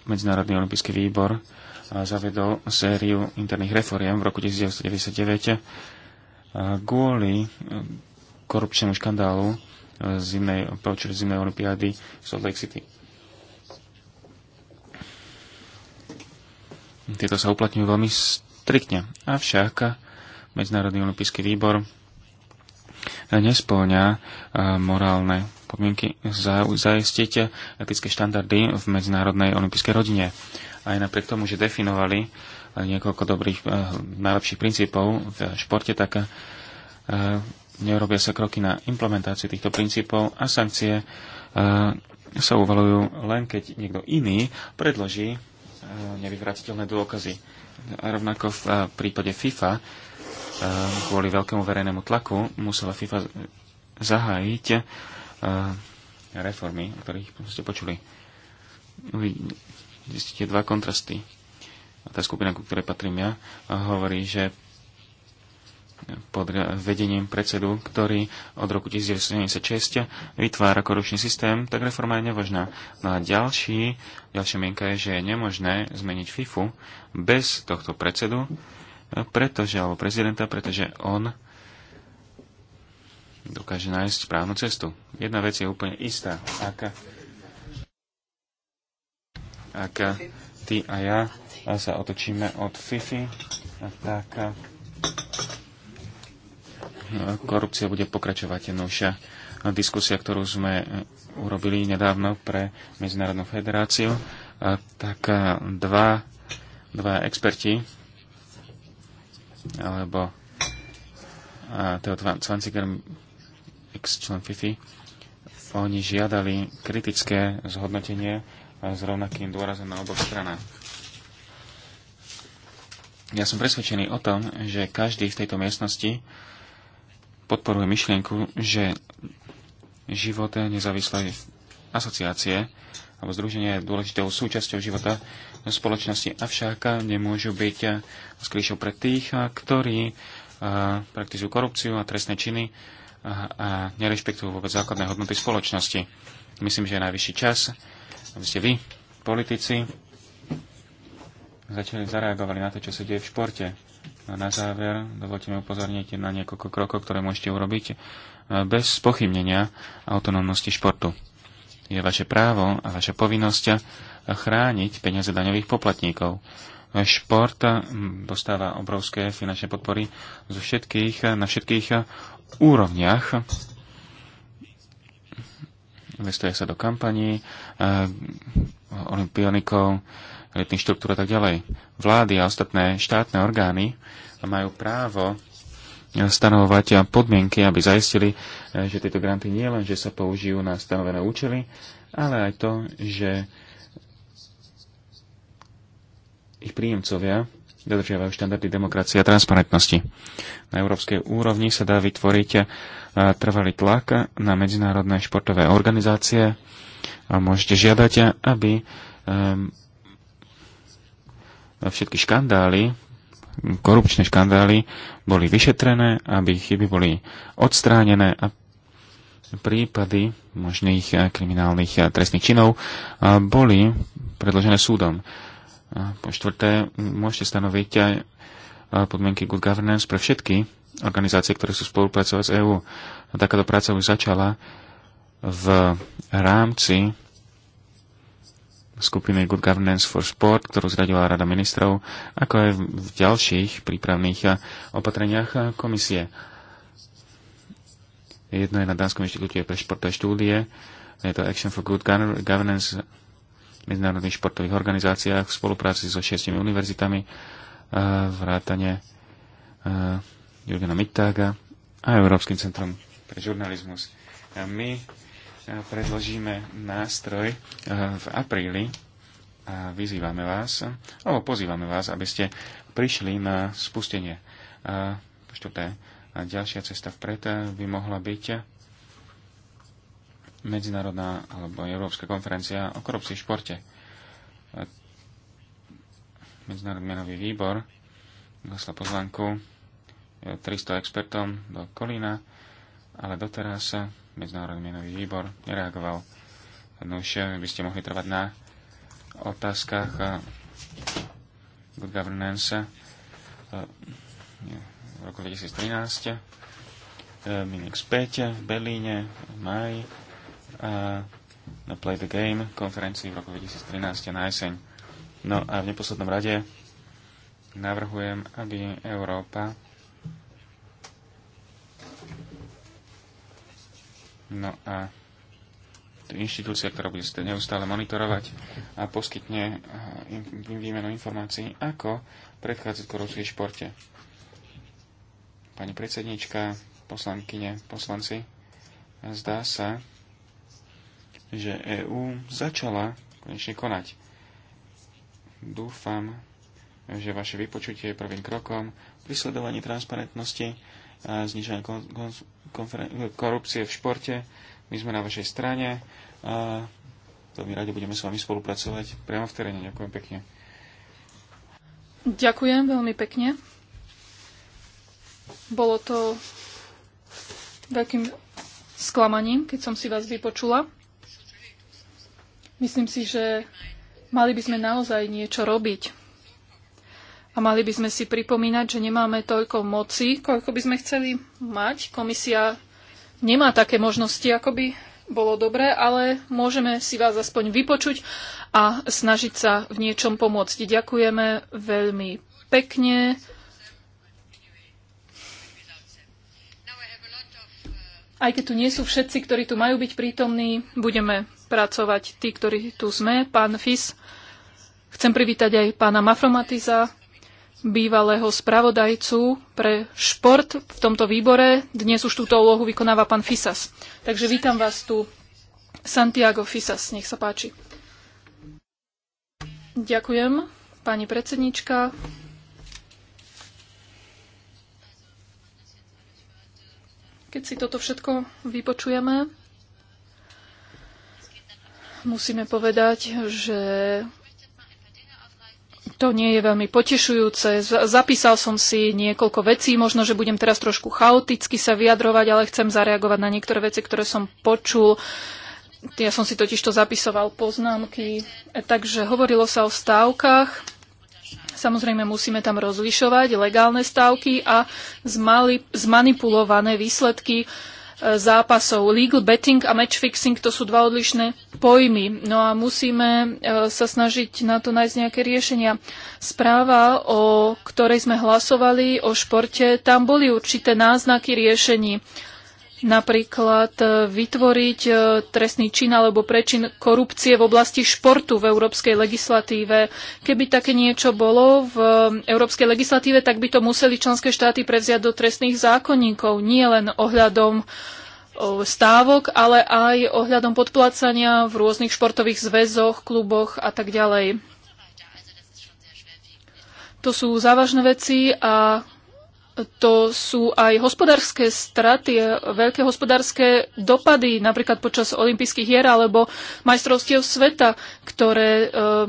[SPEAKER 3] Medzinárodný olimpijský výbor zavedol sériu interných reforiem v roku 1999 kvôli e, korupčnému škandálu e, zimnej, počas zimnej olimpiády v Salt Lake City. Tieto sa uplatňujú veľmi striktne. Avšak Medzinárodný olimpijský výbor nespĺňa e, morálne podmienky zaistiť etické štandardy v medzinárodnej olympijskej rodine. Aj napriek tomu, že definovali e, niekoľko dobrých, e, najlepších princípov v športe, tak neurobia sa kroky na implementáciu týchto princípov a sankcie sa uvalujú len keď niekto iný predloží nevyvratiteľné dôkazy. A rovnako v prípade FIFA Ehm, kvôli veľkému verejnému tlaku musela FIFA zahájiť ehm, reformy, o ktorých ste počuli. Zistíte dva kontrasty. A tá skupina, ku ktorej patrím ja, hovorí, že pod vedením predsedu, ktorý od roku 1976 vytvára korupčný systém, tak reforma je nemožná. No a ďalší, ďalšia mienka je, že je nemožné zmeniť FIFU bez tohto predsedu, pretože, alebo prezidenta, pretože on dokáže nájsť správnu cestu. Jedna vec je úplne istá. Aká aká ty a ja sa otočíme od FIFI, tak no, korupcia bude pokračovať. Nož diskusia, ktorú sme urobili nedávno pre Medzinárodnú federáciu, tak dva, dva experti alebo teda Zwanziger, ex-člen FIFI, oni žiadali kritické zhodnotenie s rovnakým dôrazom na oboch stranách. Ja som presvedčený o tom, že každý v tejto miestnosti podporuje myšlienku, že živote nezávislej asociácie alebo združenie je dôležitou súčasťou života spoločnosti, avšak nemôžu byť eh, sklíšou pre tých, eh, ktorí eh, praktizujú korupciu a trestné činy a nerešpektujú vôbec základné hodnoty spoločnosti. Myslím, že je najvyšší čas, aby ste vy, politici, začali zareagovali na to, čo sa deje v športe. A na záver, dovolte mi upozorniť na niekoľko krokov, ktoré môžete urobiť bez pochybnenia autonómnosti športu je vaše právo a vaša povinnosť chrániť peniaze daňových poplatníkov. Šport mm, dostáva obrovské finančné podpory zo všetkých, na všetkých úrovniach. Investuje sa do kampaní, e, olimpionikov, letných štruktúr a tak ďalej. Vlády a ostatné štátne orgány majú právo stanovovať podmienky, aby zaistili, eh, že tieto granty nie len, že sa použijú na stanovené účely, ale aj to, že ich príjemcovia dodržiavajú štandardy demokracie a transparentnosti. Na európskej úrovni sa dá vytvoriť eh, trvalý tlak na medzinárodné športové organizácie a môžete žiadať, aby ehm, všetky škandály korupčné škandály boli vyšetrené, aby chyby boli odstránené a prípady možných eh, kriminálnych eh, trestných činov eh, boli predložené súdom. Po štvrté, môžete stanoviť aj podmienky good governance pre všetky organizácie, ktoré sú spolupracovať s EÚ. Takáto práca už začala v rámci skupiny Good Governance for Sport, ktorú zradila Rada ministrov, ako aj v ďalších prípravných opatreniach komisie. Jedno je na Dánskom inštitúte pre športové štúdie, je to Action for Good Governance v medzinárodných športových organizáciách v spolupráci so šiestimi univerzitami, eh, vrátane eh, Jurgena Mittaga a Európskym centrom pre žurnalizmus. A my predložíme nástroj eh, v apríli a vyzývame vás, alebo pozývame vás, aby ste prišli na spustenie. a ďalšia cesta vpred eh, by mohla byť medzinárodná alebo európska konferencia o korupcii v športe. Medzinárodný menový výbor zaslal pozvánku 300 eh, expertom do Kolína, ale doteraz Medzinárodný menový výbor nereagoval. No už eh, by ste mohli trvať na otázkach eh, good governance v eh, roku 2013 Minix 5 v Berlíne v maji, a na Play the Game konferencii v roku 2013 na jeseň. No a v neposlednom rade navrhujem, aby Európa No a inštitúcia, ktorá bude neustále monitorovať a poskytne eh, im výmenu informácií, ako predchádzať korupcii v športe. Pani predsednička, poslankyne, poslanci, zdá sa, že EÚ začala konečne konať. Dúfam, že vaše vypočutie je prvým krokom pri sledovaní transparentnosti znižovania korupcie v športe. My sme na vašej strane. A veľmi radi budeme s vami spolupracovať priamo v teréne. Ďakujem pekne.
[SPEAKER 1] Ďakujem veľmi pekne. Bolo to veľkým sklamaním, keď som si vás vypočula. Myslím si, že mali by sme naozaj niečo robiť a mali by sme si pripomínať, že nemáme toľko moci, koľko by sme chceli mať. Komisia nemá také možnosti, ako by bolo dobré, ale môžeme si vás aspoň vypočuť a snažiť sa v niečom pomôcť. Ďakujeme veľmi pekne. Aj keď tu nie sú všetci, ktorí tu majú byť prítomní, budeme pracovať tí, ktorí tu sme. Pán Fis, chcem privítať aj pána Mafromatiza, bývalého spravodajcu pre šport v tomto výbore. Dnes už túto úlohu vykonáva pán Fisas. Takže vítam vás tu, Santiago Fisas, nech sa páči. Ďakujem, pani predsednička. Keď si toto všetko vypočujeme, musíme povedať, že to nie je veľmi potešujúce. Zapísal som si niekoľko vecí, možno, že budem teraz trošku chaoticky sa vyjadrovať, ale chcem zareagovať na niektoré veci, ktoré som počul. Ja som si totiž to zapisoval poznámky. E, takže hovorilo sa o stávkach. Samozrejme musíme tam rozlišovať legálne stávky a zmanipulované výsledky uh, zápasov. Legal betting a match fixing to sú dva odlišné pojmy. No a musíme e, sa snažiť na to nájsť nejaké riešenia. Správa, o ktorej sme hlasovali, o športe, tam boli určité náznaky riešení napríklad e, vytvoriť e, trestný čin alebo prečin korupcie v oblasti športu v európskej legislatíve. Keby také niečo bolo v e, európskej legislatíve, tak by to museli členské štáty prevziať do trestných zákonníkov, nie len ohľadom stávok, ale aj ohľadom podplácania v rôznych športových zväzoch, kluboch a tak ďalej. To sú závažné veci a to sú aj hospodárske straty, veľké hospodárske dopady, napríklad počas olympijských hier alebo majstrovstiev sveta, ktoré eh,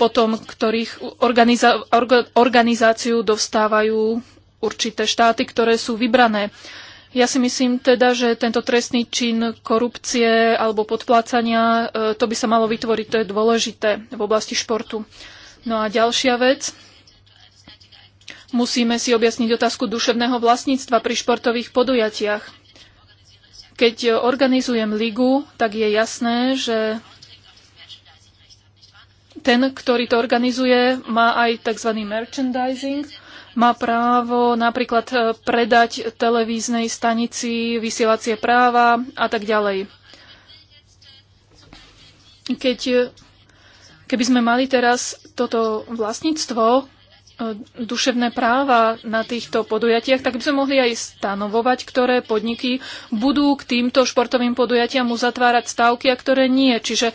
[SPEAKER 1] potom, ktorých organiza- organizáciu dostávajú určité štáty, ktoré sú vybrané. Ja si myslím teda, že tento trestný čin korupcie alebo podplácania, eh, to by sa malo vytvoriť, to je dôležité v oblasti športu. No a ďalšia vec, Musíme si objasniť otázku duševného vlastníctva pri športových podujatiach. Keď organizujem ligu, tak je jasné, že ten, ktorý to organizuje, má aj tzv. merchandising, má právo napríklad eh, predať televíznej stanici vysielacie práva a tak ďalej. Keď, eh, keby sme mali teraz toto vlastníctvo E, duševné práva na týchto podujatiach, tak by sme mohli aj stanovovať, ktoré podniky budú k týmto športovým podujatiam uzatvárať stávky a ktoré nie. Čiže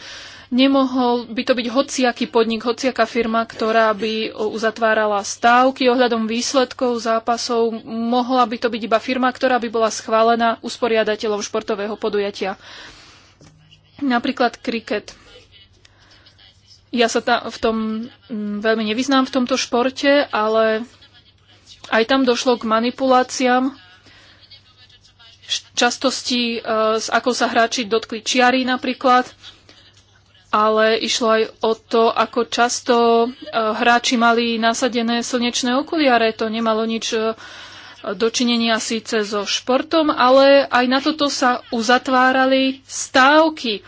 [SPEAKER 1] nemohol by to byť hociaký podnik, hociaká firma, ktorá by uzatvárala stávky ohľadom výsledkov zápasov. Mohla by to byť iba firma, ktorá by bola schválená usporiadateľom športového podujatia. Napríklad kriket. Ja sa tam v tom mm, veľmi nevyznám v tomto športe, ale aj tam došlo k manipuláciám, častosti, e, s sa hráči dotkli čiary napríklad, ale išlo aj o to, ako často e, hráči mali nasadené slnečné okuliare. To nemalo nič e, dočinenia síce so športom, ale aj na toto sa uzatvárali stávky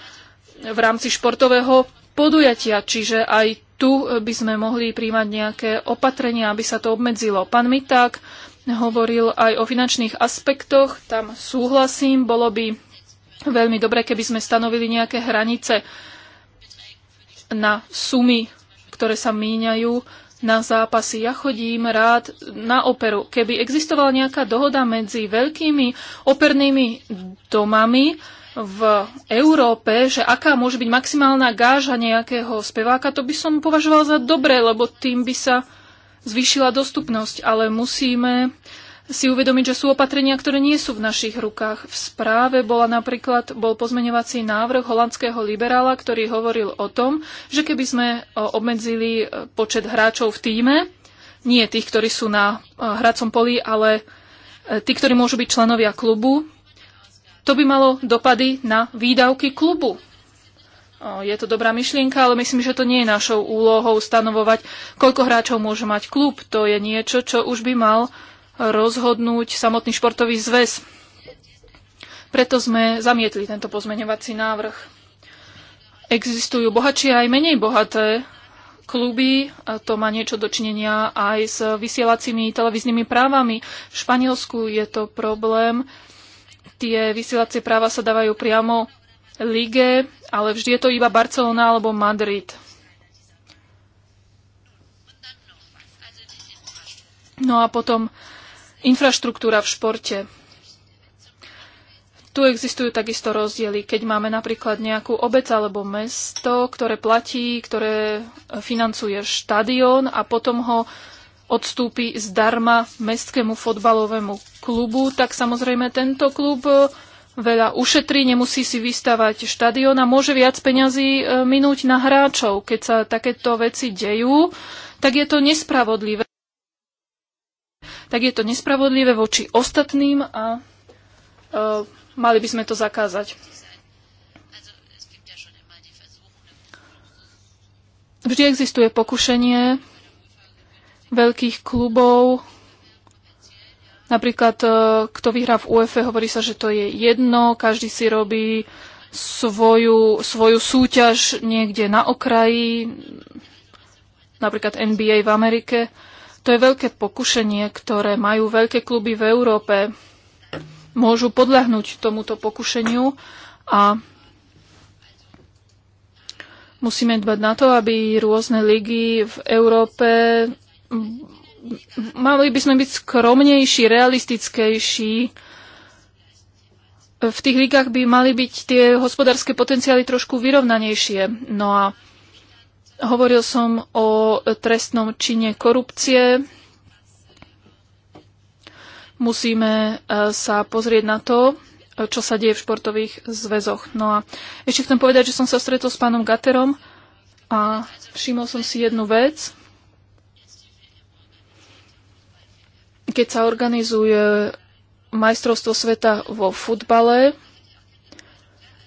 [SPEAKER 1] v rámci športového podujatia, čiže aj tu e, by sme mohli príjmať nejaké opatrenia, aby sa to obmedzilo. Pán Miták hovoril aj o finančných aspektoch, tam súhlasím, bolo by veľmi dobre, keby sme stanovili nejaké hranice na sumy, ktoré sa míňajú na zápasy. Ja chodím rád na operu. Keby existovala nejaká dohoda medzi veľkými opernými domami, v Európe, že aká môže byť maximálna gáža nejakého speváka, to by som považoval za dobré, lebo tým by sa zvýšila dostupnosť. Ale musíme si uvedomiť, že sú opatrenia, ktoré nie sú v našich rukách. V správe bola napríklad, bol pozmeňovací návrh holandského liberála, ktorý hovoril o tom, že keby sme e, obmedzili e, počet hráčov v týme, nie tých, ktorí sú na e, hracom poli, ale tí, ktorí môžu byť členovia klubu, to by malo dopady na výdavky klubu. Je to dobrá myšlienka, ale myslím, že to nie je našou úlohou stanovovať, koľko hráčov môže mať klub. To je niečo, čo už by mal rozhodnúť samotný športový zväz. Preto sme zamietli tento pozmeňovací návrh. Existujú bohatšie aj menej bohaté kluby, to má niečo dočinenia aj s vysielacími televíznymi právami. V Španielsku je to problém tie vysielacie práva sa dávajú priamo lige, ale vždy je to iba Barcelona alebo Madrid. No a potom infraštruktúra v športe. Tu existujú takisto rozdiely, keď máme napríklad nejakú obec alebo mesto, ktoré platí, ktoré financuje štadión a potom ho odstúpi zdarma mestskému fotbalovému klubu, tak samozrejme tento klub e, veľa ušetrí, nemusí si vystavať štadión a môže viac peňazí e, minúť na hráčov. Keď sa takéto veci dejú, tak je to nespravodlivé. Tak je to nespravodlivé voči ostatným a e, mali by sme to zakázať. Vždy existuje pokušenie veľkých klubov. Napríklad, e, kto vyhrá v UEFA, hovorí sa, že to je jedno, každý si robí svoju, svoju súťaž niekde na okraji, napríklad NBA v Amerike. To je veľké pokušenie, ktoré majú veľké kluby v Európe. Môžu podľahnúť tomuto pokušeniu a musíme dbať na to, aby rôzne ligy v Európe mali by sme byť skromnejší, realistickejší. V tých ligách by mali byť tie hospodárske potenciály trošku vyrovnanejšie. No a hovoril som o trestnom čine korupcie. Musíme e, sa pozrieť na to, čo sa deje v športových zväzoch. No a ešte chcem povedať, že som sa stretol s pánom Gaterom a všimol som si jednu vec. keď sa organizuje majstrovstvo sveta vo futbale,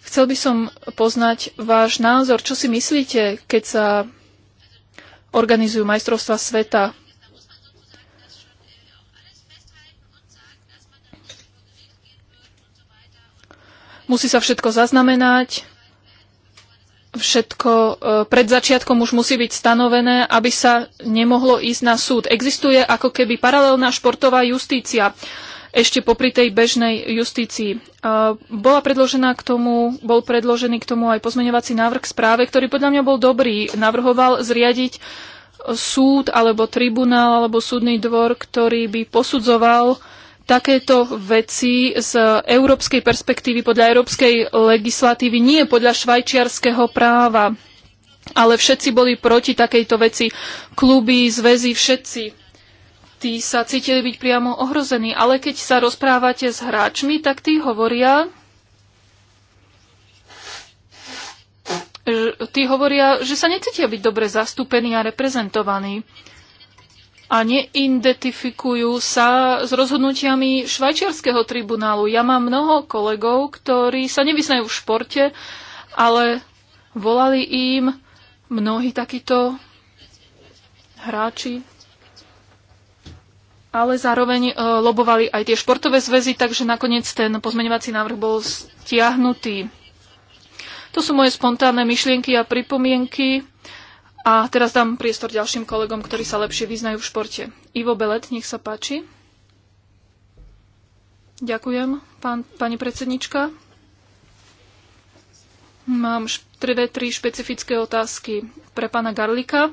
[SPEAKER 1] chcel by som poznať váš názor. Čo si myslíte, keď sa organizujú majstrovstva sveta Musí sa všetko zaznamenať, všetko e, pred začiatkom už musí byť stanovené, aby sa nemohlo ísť na súd. Existuje ako keby paralelná športová justícia ešte popri tej bežnej justícii. E, bola predložená k tomu, bol predložený k tomu aj pozmeňovací návrh k správe, ktorý podľa mňa bol dobrý. Navrhoval zriadiť súd alebo tribunál alebo súdny dvor, ktorý by posudzoval uh, takéto veci z európskej perspektívy, podľa európskej legislatívy, nie podľa švajčiarského práva. Ale všetci boli proti takejto veci. Kluby, zväzy, všetci. Tí sa cítili byť priamo ohrození. Ale keď sa rozprávate s hráčmi, tak tí hovoria, tí hovoria, že sa necítia byť dobre zastúpení a reprezentovaní a neidentifikujú sa s rozhodnutiami švajčiarského tribunálu. Ja mám mnoho kolegov, ktorí sa nevyznajú v športe, ale volali im mnohí takíto hráči, ale zároveň e, lobovali aj tie športové zväzy, takže nakoniec ten pozmeňovací návrh bol stiahnutý. To sú moje spontánne myšlienky a pripomienky. A teraz dám priestor ďalším kolegom, ktorí sa lepšie vyznajú v športe. Ivo Belet, nech sa páči. Ďakujem, pán, pani predsednička. Mám dve tri špecifické otázky pre pána Garlika.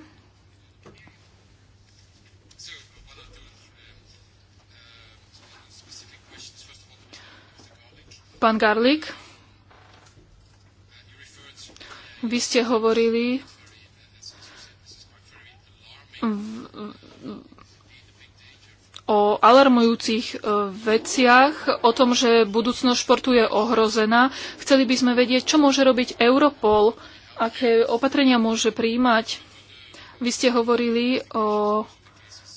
[SPEAKER 1] Pán Garlik, vy ste hovorili o alarmujúcich e, veciach, o tom, že budúcnosť športu je ohrozená. Chceli by sme vedieť, čo môže robiť Europol, aké opatrenia môže príjmať. Vy ste hovorili o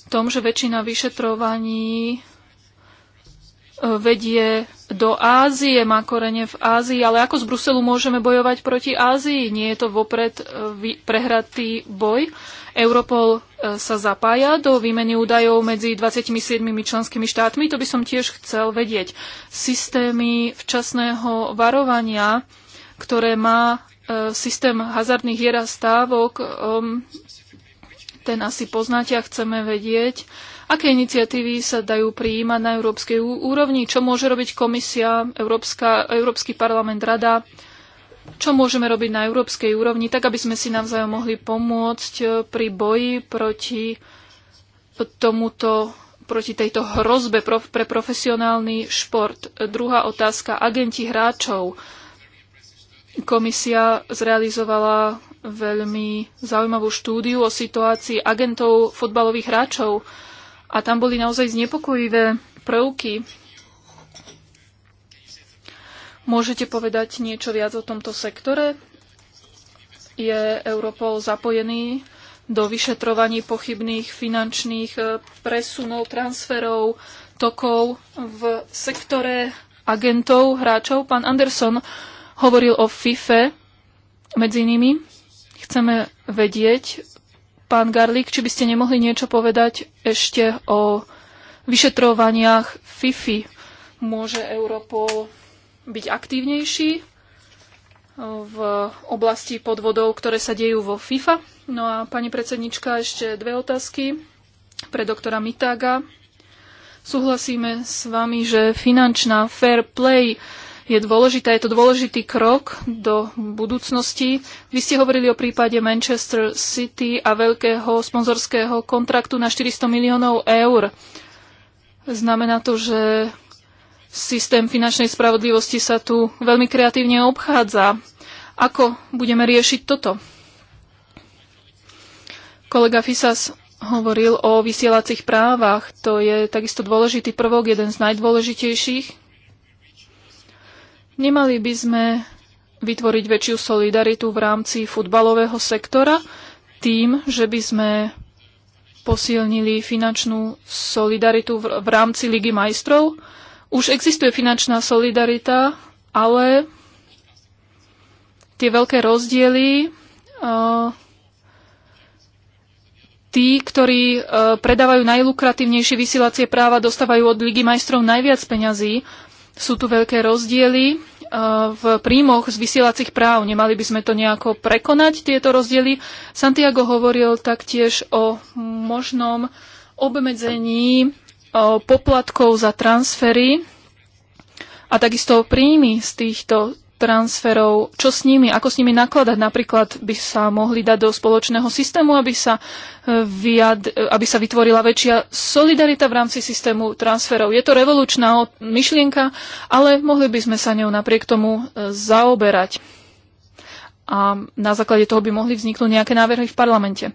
[SPEAKER 1] tom, že väčšina vyšetrovaní E, vedie do Ázie, má korene v Ázii, ale ako z Bruselu môžeme bojovať proti Ázii? Nie je to vopred e, prehratý boj. Europol e, sa zapája do výmeny údajov medzi 27 členskými štátmi, to by som tiež chcel vedieť. Systémy včasného varovania, ktoré má systém hazardných hier a stávok, ten asi poznáte a chceme vedieť, Aké iniciatívy sa dajú prijímať na európskej úrovni? Čo môže robiť komisia, Európska, Európsky parlament, rada? Čo môžeme robiť na európskej úrovni, tak aby sme si navzájom mohli pomôcť e, pri boji proti tomuto proti tejto hrozbe pre profesionálny šport. Druhá otázka. Agenti hráčov. Komisia zrealizovala veľmi zaujímavú štúdiu o situácii agentov futbalových hráčov a tam boli naozaj znepokojivé prvky. Môžete povedať niečo viac o tomto sektore? Je Europol zapojený do vyšetrovaní pochybných finančných e, presunov, transferov, tokov v sektore agentov, hráčov. Pán Anderson hovoril o FIFE medzi nimi. Chceme vedieť, Pán Garlík, či by ste nemohli niečo povedať ešte o vyšetrovaniach FIFI? Môže Europol byť aktívnejší v oblasti podvodov, ktoré sa dejú vo FIFA? No a pani predsednička, ešte dve otázky pre doktora Mitága. Súhlasíme s vami, že finančná fair play je dôležitá. Je to dôležitý krok do budúcnosti. Vy ste hovorili o prípade Manchester City a veľkého sponzorského kontraktu na 400 miliónov eur. Znamená to, že systém finančnej spravodlivosti sa tu veľmi kreatívne obchádza. Ako budeme riešiť toto? Kolega Fisas hovoril o vysielacích právach. To je takisto dôležitý prvok, jeden z najdôležitejších. Nemali by sme vytvoriť väčšiu solidaritu v rámci futbalového sektora tým, že by sme posilnili finančnú solidaritu v, rámci Ligy majstrov. Už existuje finančná solidarita, ale tie veľké rozdiely tí, ktorí e, predávajú najlukratívnejšie vysielacie práva, dostávajú od Ligy majstrov najviac peňazí sú tu veľké rozdiely e, v príjmoch z vysielacích práv. Nemali by sme to nejako prekonať, tieto rozdiely. Santiago hovoril taktiež o možnom obmedzení e, poplatkov za transfery a takisto príjmy z týchto transferov, čo s nimi, ako s nimi nakladať. Napríklad by sa mohli dať do spoločného systému, aby sa, e, vyjad, e, aby sa vytvorila väčšia solidarita v rámci systému transferov. Je to revolučná myšlienka, ale mohli by sme sa ňou napriek tomu e, zaoberať. A na základe toho by mohli vzniknúť nejaké návrhy v parlamente.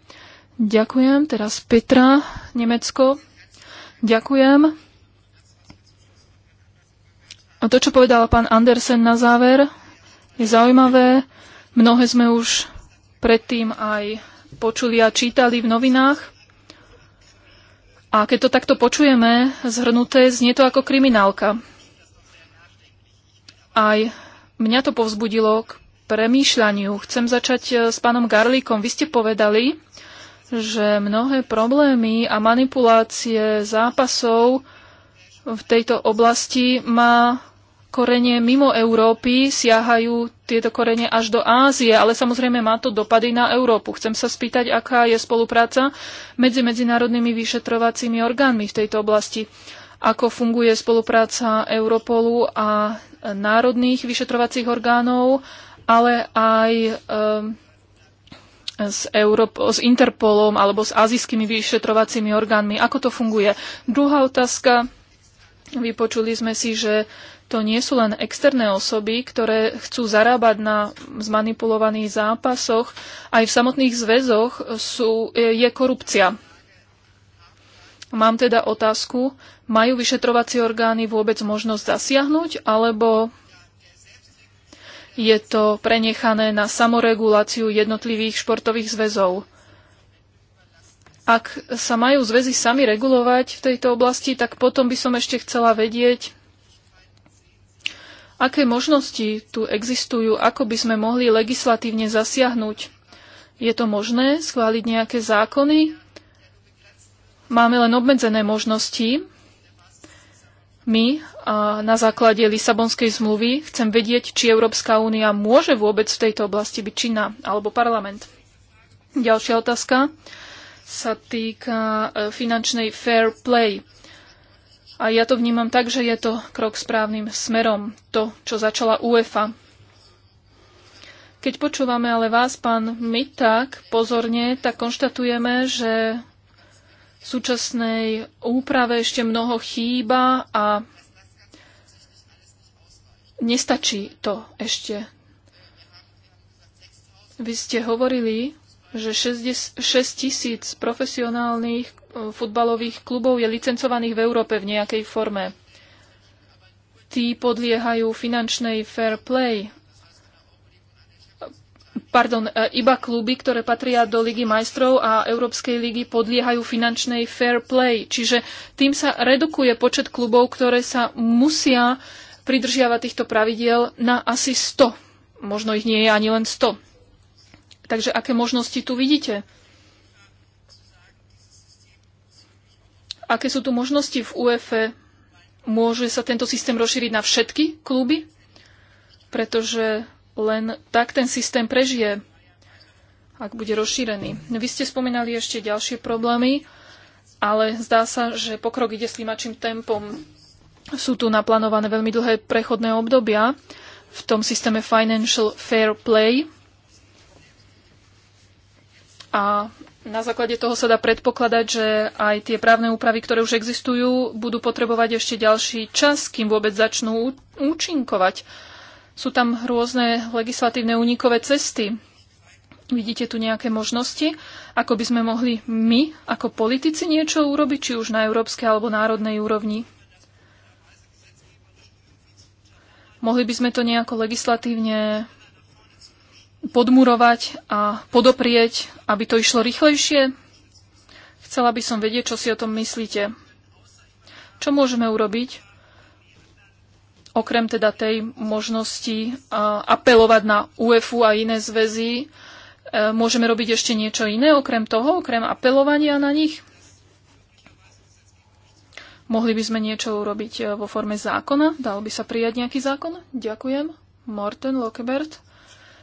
[SPEAKER 1] Ďakujem. Teraz Petra, Nemecko. Ďakujem. A to, čo povedal pán Andersen na záver, je zaujímavé. Mnohé sme už predtým aj počuli a čítali v novinách. A keď to takto počujeme, zhrnuté, znie to ako kriminálka. Aj mňa to povzbudilo k premýšľaniu. Chcem začať eh, s pánom Garlíkom. Vy ste povedali, že mnohé problémy a manipulácie zápasov v tejto oblasti má korene mimo Európy, siahajú tieto korene až do Ázie, ale samozrejme má to dopady na Európu. Chcem sa spýtať, aká je spolupráca medzi medzinárodnými vyšetrovacími orgánmi v tejto oblasti. Ako funguje spolupráca Europolu a národných vyšetrovacích orgánov, ale aj um, s, Europ- s Interpolom alebo s azijskými vyšetrovacími orgánmi. Ako to funguje? Druhá otázka. Vypočuli sme si, že to nie sú len externé osoby, ktoré chcú zarábať na zmanipulovaných zápasoch. Aj v samotných zväzoch sú, je korupcia. Mám teda otázku, majú vyšetrovacie orgány vôbec možnosť zasiahnuť, alebo je to prenechané na samoreguláciu jednotlivých športových zväzov? Ak sa majú zväzy sami regulovať v tejto oblasti, tak potom by som ešte chcela vedieť, Aké možnosti tu existujú, ako by sme mohli legislatívne zasiahnuť? Je to možné schváliť nejaké zákony? Máme len obmedzené možnosti. My a na základe Lisabonskej zmluvy chcem vedieť, či Európska únia môže vôbec v tejto oblasti byť činná, alebo parlament. Ďalšia otázka sa týka e, finančnej fair play. A ja to vnímam tak, že je to krok správnym smerom, to, čo začala UEFA. Keď počúvame ale vás, pán Mitak, pozorne, tak konštatujeme, že v súčasnej úprave ešte mnoho chýba a nestačí to ešte. Vy ste hovorili, že 6 tisíc profesionálnych futbalových klubov je licencovaných v Európe v nejakej forme. Tí podliehajú finančnej fair play. Pardon, e, iba kluby, ktoré patria do Ligy majstrov a Európskej ligy podliehajú finančnej fair play. Čiže tým sa redukuje počet klubov, ktoré sa musia pridržiavať týchto pravidiel na asi 100. Možno ich nie je ani len 100. Takže aké možnosti tu vidíte? Aké sú tu možnosti v UEFE? Môže sa tento systém rozšíriť na všetky kluby? Pretože len tak ten systém prežije, ak bude rozšírený. Vy ste spomínali ešte ďalšie problémy, ale zdá sa, že pokrok ide slimačím tempom. Sú tu naplánované veľmi dlhé prechodné obdobia v tom systéme Financial Fair Play, a na základe toho sa dá predpokladať, že aj tie právne úpravy, ktoré už existujú, budú potrebovať ešte ďalší čas, kým vôbec začnú účinkovať. Sú tam rôzne legislatívne únikové cesty. Vidíte tu nejaké možnosti, ako by sme mohli my, ako politici, niečo urobiť, či už na európskej alebo národnej úrovni? Mohli by sme to nejako legislatívne podmurovať a podoprieť, aby to išlo rýchlejšie? Chcela by som vedieť, čo si o tom myslíte. Čo môžeme urobiť? Okrem teda tej možnosti apelovať na UEFU a iné zväzy, e, môžeme robiť ešte niečo iné okrem toho, okrem apelovania na nich? Mohli by sme niečo urobiť e, vo forme zákona? Dal by sa prijať nejaký zákon? Ďakujem. Morten Lokebert.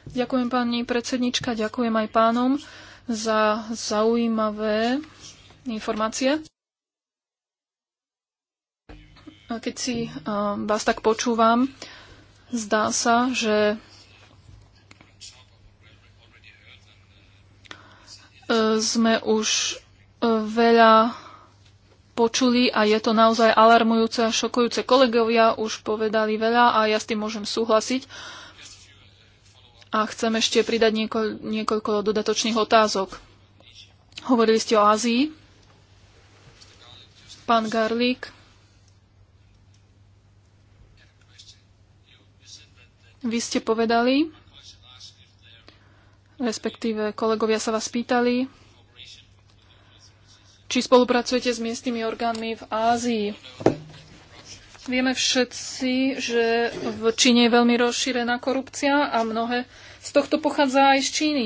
[SPEAKER 1] Ďakujem pani predsednička, ďakujem aj pánom za zaujímavé informácie. Keď si vás tak počúvam, zdá sa, že sme už veľa počuli a je to naozaj alarmujúce a šokujúce. Kolegovia už povedali veľa a ja s tým môžem súhlasiť. A chcem ešte pridať nieko, niekoľko dodatočných otázok. Hovorili ste o Ázii. Pán Garlík. Vy ste povedali, respektíve kolegovia sa vás pýtali, či spolupracujete s miestnymi orgánmi v Ázii. Vieme všetci, že v Číne je veľmi rozšírená korupcia a mnohé z tohto pochádza aj z Číny.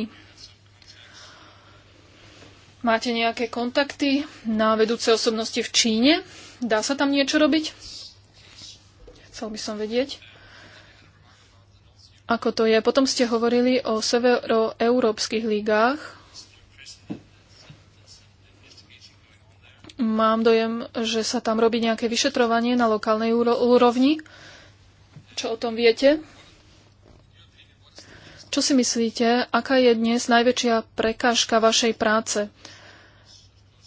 [SPEAKER 1] Máte nejaké kontakty na vedúce osobnosti v Číne? Dá sa tam niečo robiť? Chcel by som vedieť. Ako to je? Potom ste hovorili o severoeurópskych ligách Mám dojem, že sa tam robí nejaké vyšetrovanie na lokálnej úrovni. Čo o tom viete? Čo si myslíte, aká je dnes najväčšia prekážka vašej práce?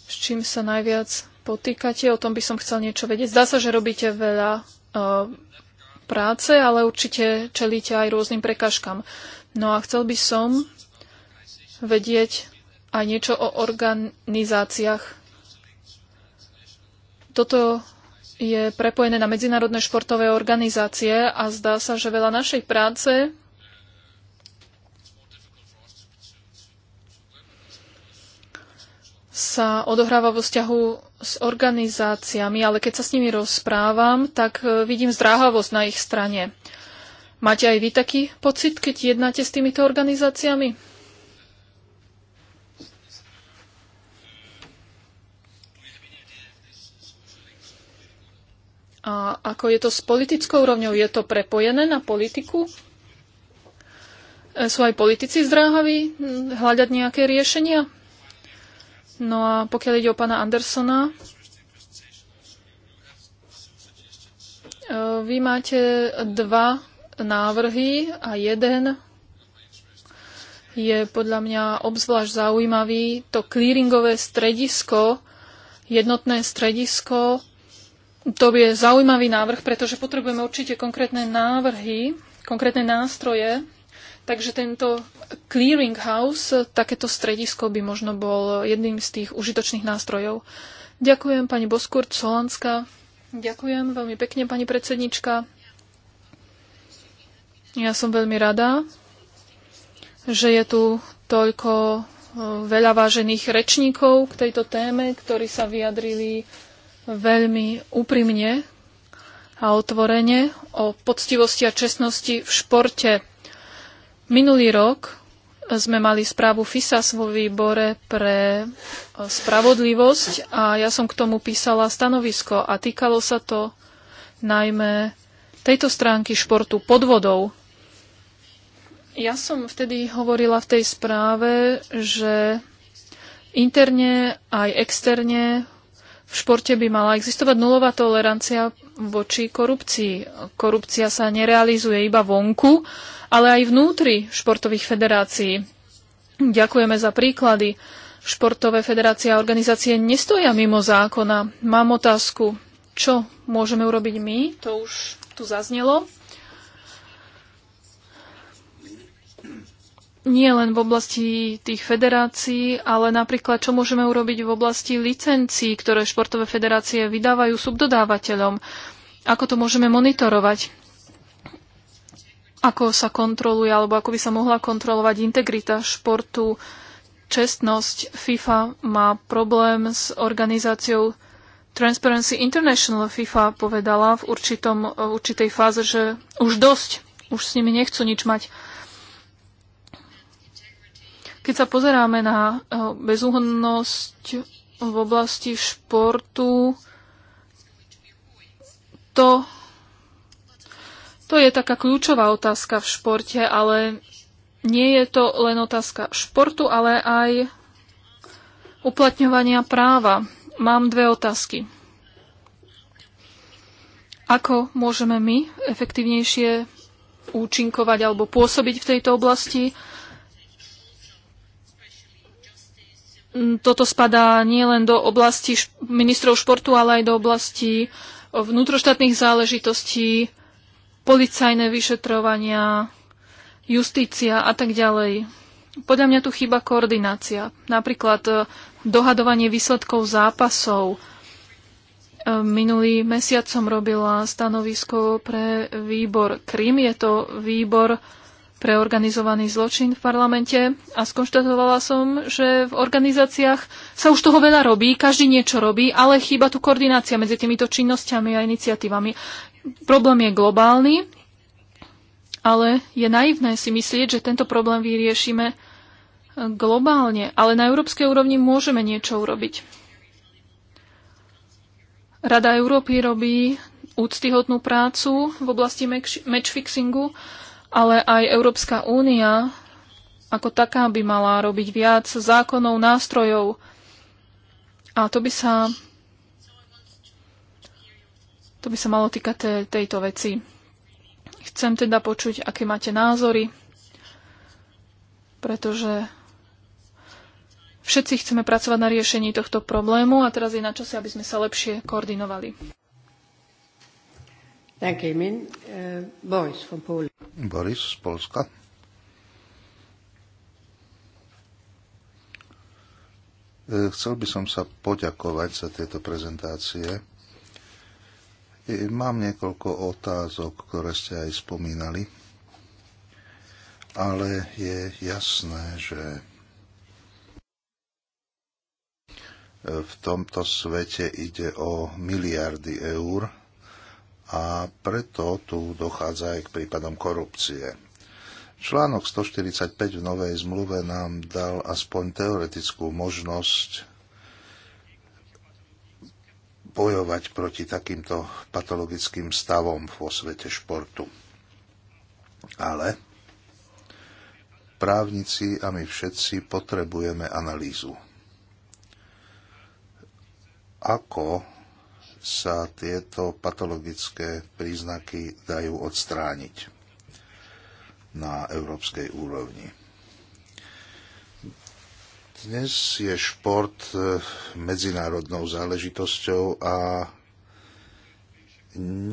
[SPEAKER 1] S čím sa najviac potýkate? O tom by som chcel niečo vedieť. Zdá sa, že robíte veľa uh, práce, ale určite čelíte aj rôznym prekážkam. No a chcel by som vedieť aj niečo o organizáciách toto je prepojené na medzinárodné športové organizácie a zdá sa, že veľa našej práce sa odohráva vo vzťahu s organizáciami, ale keď sa s nimi rozprávam, tak e, vidím zdráhavosť na ich strane. Máte aj vy taký pocit, keď jednáte s týmito organizáciami? A ako je to s politickou úrovňou? Je to prepojené na politiku? E, sú aj politici zdráhaví hm, hľadať nejaké riešenia? No a pokiaľ ide o pána Andersona, e, vy máte dva návrhy a jeden je podľa mňa obzvlášť zaujímavý. To clearingové stredisko, jednotné stredisko to je zaujímavý návrh, pretože potrebujeme určite konkrétne návrhy, konkrétne nástroje. Takže tento clearing house, takéto stredisko by možno bol jedným z tých užitočných nástrojov. Ďakujem pani Boskurt, Solanska. Ďakujem veľmi pekne pani predsednička. Ja som veľmi rada, že je tu toľko e, veľa vážených rečníkov k tejto téme, ktorí sa vyjadrili veľmi úprimne a otvorene o poctivosti a čestnosti v športe. Minulý rok sme mali správu FISAS vo výbore pre e, spravodlivosť a ja som k tomu písala stanovisko a týkalo sa to najmä tejto stránky športu podvodov. Ja som vtedy hovorila v tej správe, že interne aj externe v športe by mala existovať nulová tolerancia voči korupcii. Korupcia sa nerealizuje iba vonku, ale aj vnútri športových federácií. Ďakujeme za príklady. Športové federácie a organizácie nestoja mimo zákona. Mám otázku, čo môžeme urobiť my? To už tu zaznelo. nie len v oblasti tých federácií, ale napríklad, čo môžeme urobiť v oblasti licencií, ktoré športové federácie vydávajú subdodávateľom. Ako to môžeme monitorovať? Ako sa kontroluje, alebo ako by sa mohla kontrolovať integrita športu, čestnosť. FIFA má problém s organizáciou Transparency International. FIFA povedala v, určitom, v určitej fáze, že už dosť, už s nimi nechcú nič mať. Keď sa pozeráme na eh, bezúhodnosť v oblasti športu, to, to je taká kľúčová otázka v športe, ale nie je to len otázka športu, ale aj uplatňovania práva. Mám dve otázky. Ako môžeme my efektívnejšie účinkovať alebo pôsobiť v tejto oblasti? Mm, toto spadá nielen do oblasti ministrov športu, ale aj do oblasti vnútroštátnych záležitostí, policajné vyšetrovania, justícia a tak ďalej. Podľa mňa tu chýba koordinácia. Napríklad e, dohadovanie výsledkov zápasov. E, minulý mesiac som robila stanovisko pre výbor Krym. Je to výbor, pre organizovaný zločin v parlamente a skonštatovala som, že v organizáciách sa už toho veľa robí, každý niečo robí, ale chýba tu koordinácia medzi týmito činnosťami a iniciatívami. Problém je globálny, ale je naivné si myslieť, že tento problém vyriešime globálne, ale na európskej úrovni môžeme niečo urobiť. Rada Európy robí úctyhodnú prácu v oblasti matchfixingu. Match ale aj Európska únia ako taká by mala robiť viac zákonov, nástrojov. A to by sa, to by sa malo týkať te, tejto veci. Chcem teda počuť, aké máte názory, pretože všetci chceme pracovať na riešení tohto problému a teraz je na čase, aby sme sa lepšie koordinovali.
[SPEAKER 2] Thank you, Min. Uh, Boris from Poland. Boris Polska. E, chcel by som sa poďakovať za tieto prezentácie. E, mám niekoľko otázok, ktoré ste aj spomínali, ale je jasné, že v tomto svete ide o miliardy eur a preto tu dochádza aj k prípadom korupcie. Článok 145 v novej zmluve nám dal aspoň teoretickú možnosť bojovať proti takýmto patologickým stavom vo svete športu. Ale právnici a my všetci potrebujeme analýzu. Ako sa tieto patologické príznaky dajú odstrániť na európskej úrovni. Dnes je šport e, medzinárodnou záležitosťou a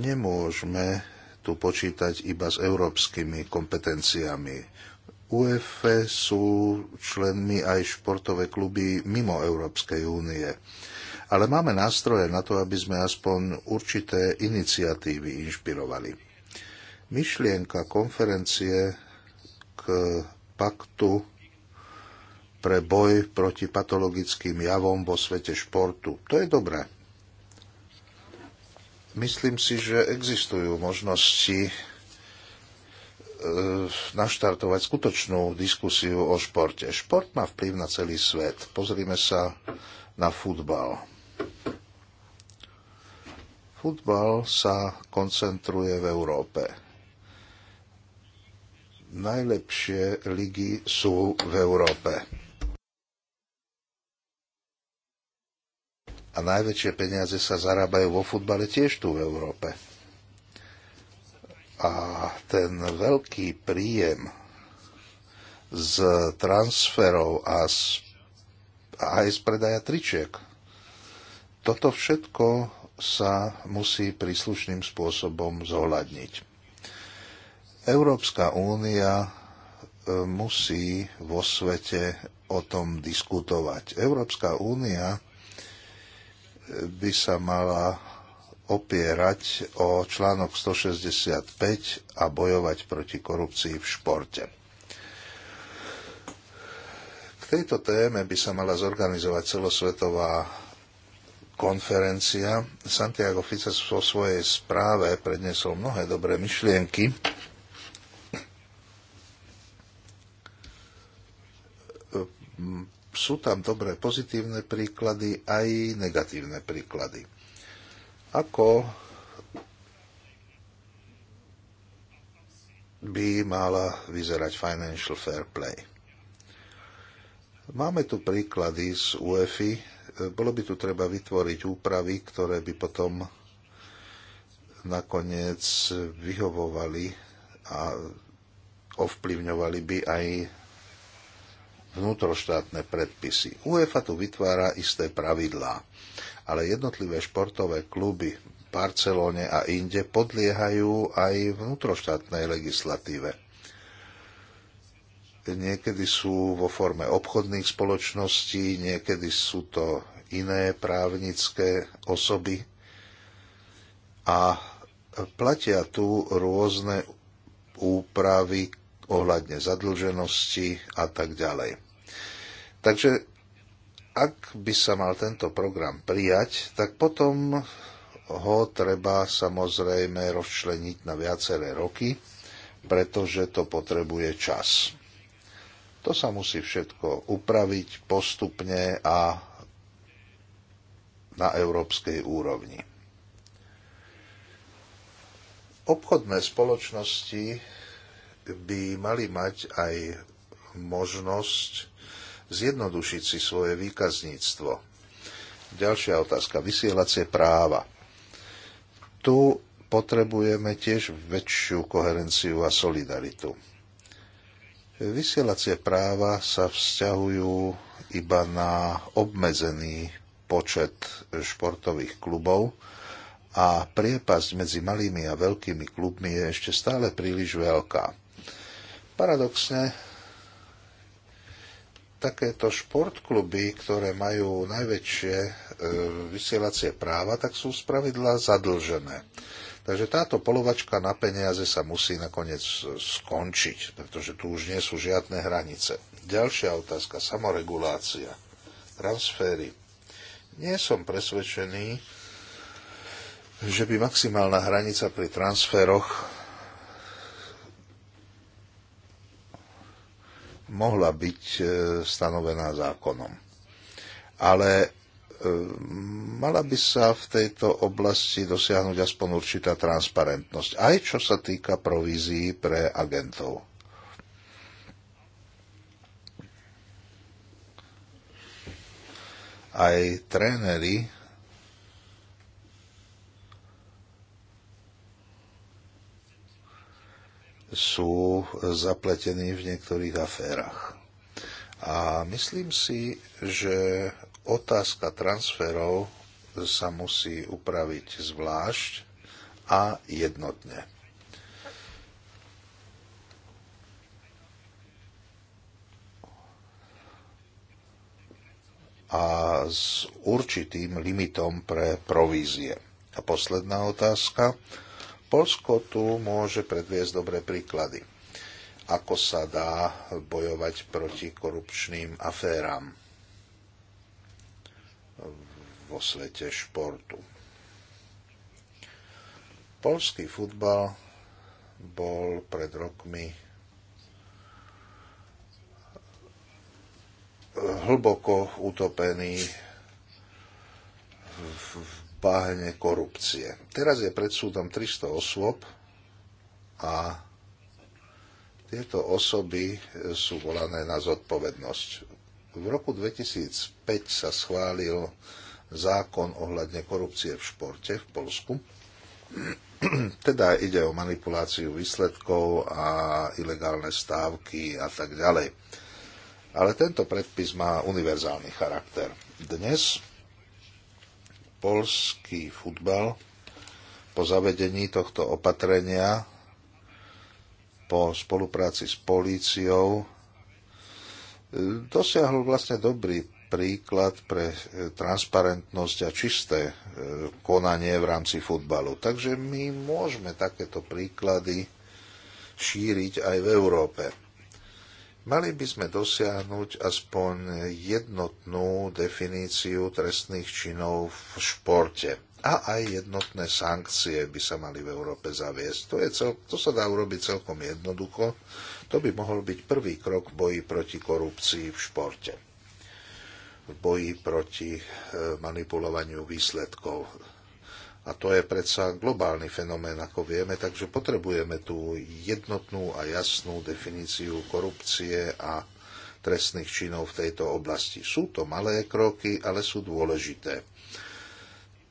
[SPEAKER 2] nemôžeme tu počítať iba s európskymi kompetenciami. UEFA sú členmi aj športové kluby mimo Európskej únie ale máme nástroje na to, aby sme aspoň určité iniciatívy inšpirovali. Myšlienka konferencie k paktu pre boj proti patologickým javom vo svete športu. To je dobré. Myslím si, že existujú možnosti e, naštartovať skutočnú diskusiu o športe. Šport má vplyv na celý svet. Pozrime sa na futbal. Futbal sa koncentruje v Európe. Najlepšie ligy sú v Európe. A najväčšie peniaze sa zarábajú vo futbale tiež tu v Európe. A ten veľký príjem z transferov a z, a aj z predaja tričiek toto všetko sa musí príslušným spôsobom zohľadniť. Európska únia e, musí vo svete o tom diskutovať. Európska únia e, by sa mala opierať o článok 165 a bojovať proti korupcii v športe. K tejto téme by sa mala zorganizovať celosvetová konferencia. Santiago Fices vo svojej správe predniesol mnohé dobré myšlienky. Sú tam dobré pozitívne príklady aj negatívne príklady. Ako by mala vyzerať financial fair play. Máme tu príklady z UEFI, bolo by tu treba vytvoriť úpravy, ktoré by potom nakoniec vyhovovali a ovplyvňovali by aj vnútroštátne predpisy. UEFA tu vytvára isté pravidlá, ale jednotlivé športové kluby v Barcelone a inde podliehajú aj vnútroštátnej legislatíve niekedy sú vo forme obchodných spoločností, niekedy sú to iné právnické osoby a platia tu rôzne úpravy ohľadne zadlženosti a tak ďalej. Takže ak by sa mal tento program prijať, tak potom ho treba samozrejme rozčleniť na viaceré roky, pretože to potrebuje čas. To sa musí všetko upraviť postupne a na európskej úrovni. Obchodné spoločnosti by mali mať aj možnosť zjednodušiť si svoje výkazníctvo. Ďalšia otázka. Vysielacie práva. Tu potrebujeme tiež väčšiu koherenciu a solidaritu Vysielacie práva sa vzťahujú iba na obmedzený počet športových klubov a priepasť medzi malými a veľkými klubmi je ešte stále príliš veľká. Paradoxne, takéto športkluby, ktoré majú najväčšie e, vysielacie práva, tak sú spravidla zadlžené. Takže táto polovačka na peniaze sa musí nakoniec skončiť, pretože tu už nie sú žiadne hranice. Ďalšia otázka, samoregulácia, transfery. Nie som presvedčený, že by maximálna hranica pri transferoch mohla byť e, stanovená zákonom. Ale Ehm, mala by sa v tejto oblasti dosiahnuť aspoň určitá transparentnosť, aj čo sa týka provízií pre agentov. Aj tréneri sú zapletení v niektorých aférach. A myslím si, že otázka transferov sa musí upraviť zvlášť a jednotne. a s určitým limitom pre provízie. A posledná otázka. Polsko tu môže predviesť dobré príklady, ako sa dá bojovať proti korupčným aférám vo svete športu. Polský futbal bol pred rokmi hlboko utopený v páhne korupcie. Teraz je pred súdom 300 osôb a tieto osoby sú volané na zodpovednosť. V roku 2005 sa schválil zákon ohľadne korupcie v športe v Polsku. Teda ide o manipuláciu výsledkov a ilegálne stávky a tak ďalej. Ale tento predpis má univerzálny charakter. Dnes polský futbal po zavedení tohto opatrenia po spolupráci s políciou dosiahol vlastne dobrý príklad pre e, transparentnosť a čisté e, konanie v rámci futbalu. Takže my môžeme takéto príklady šíriť aj v Európe. Mali by sme dosiahnuť aspoň jednotnú definíciu trestných činov v športe a aj jednotné sankcie by sa mali v Európe zaviesť. To, je cel, to sa dá urobiť celkom jednoducho to by mohol byť prvý krok v boji proti korupcii v športe. V boji proti e, manipulovaniu výsledkov. A to je predsa globálny fenomén, ako vieme, takže potrebujeme tú jednotnú a jasnú definíciu korupcie a trestných činov v tejto oblasti. Sú to malé kroky, ale sú dôležité.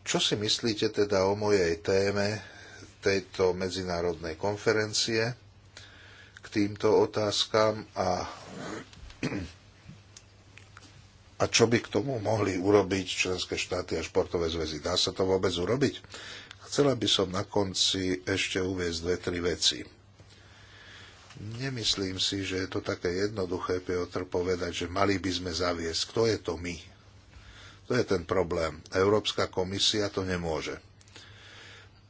[SPEAKER 2] Čo si myslíte teda o mojej téme tejto medzinárodnej konferencie? týmto otázkam a, a čo by k tomu mohli urobiť členské štáty a športové zväzy. Dá sa to vôbec urobiť? Chcela by som na konci ešte uviezť dve, tri veci. Nemyslím si, že je to také jednoduché, Piotr, povedať, že mali by sme zaviesť. Kto je to my? To je ten problém. Európska komisia to nemôže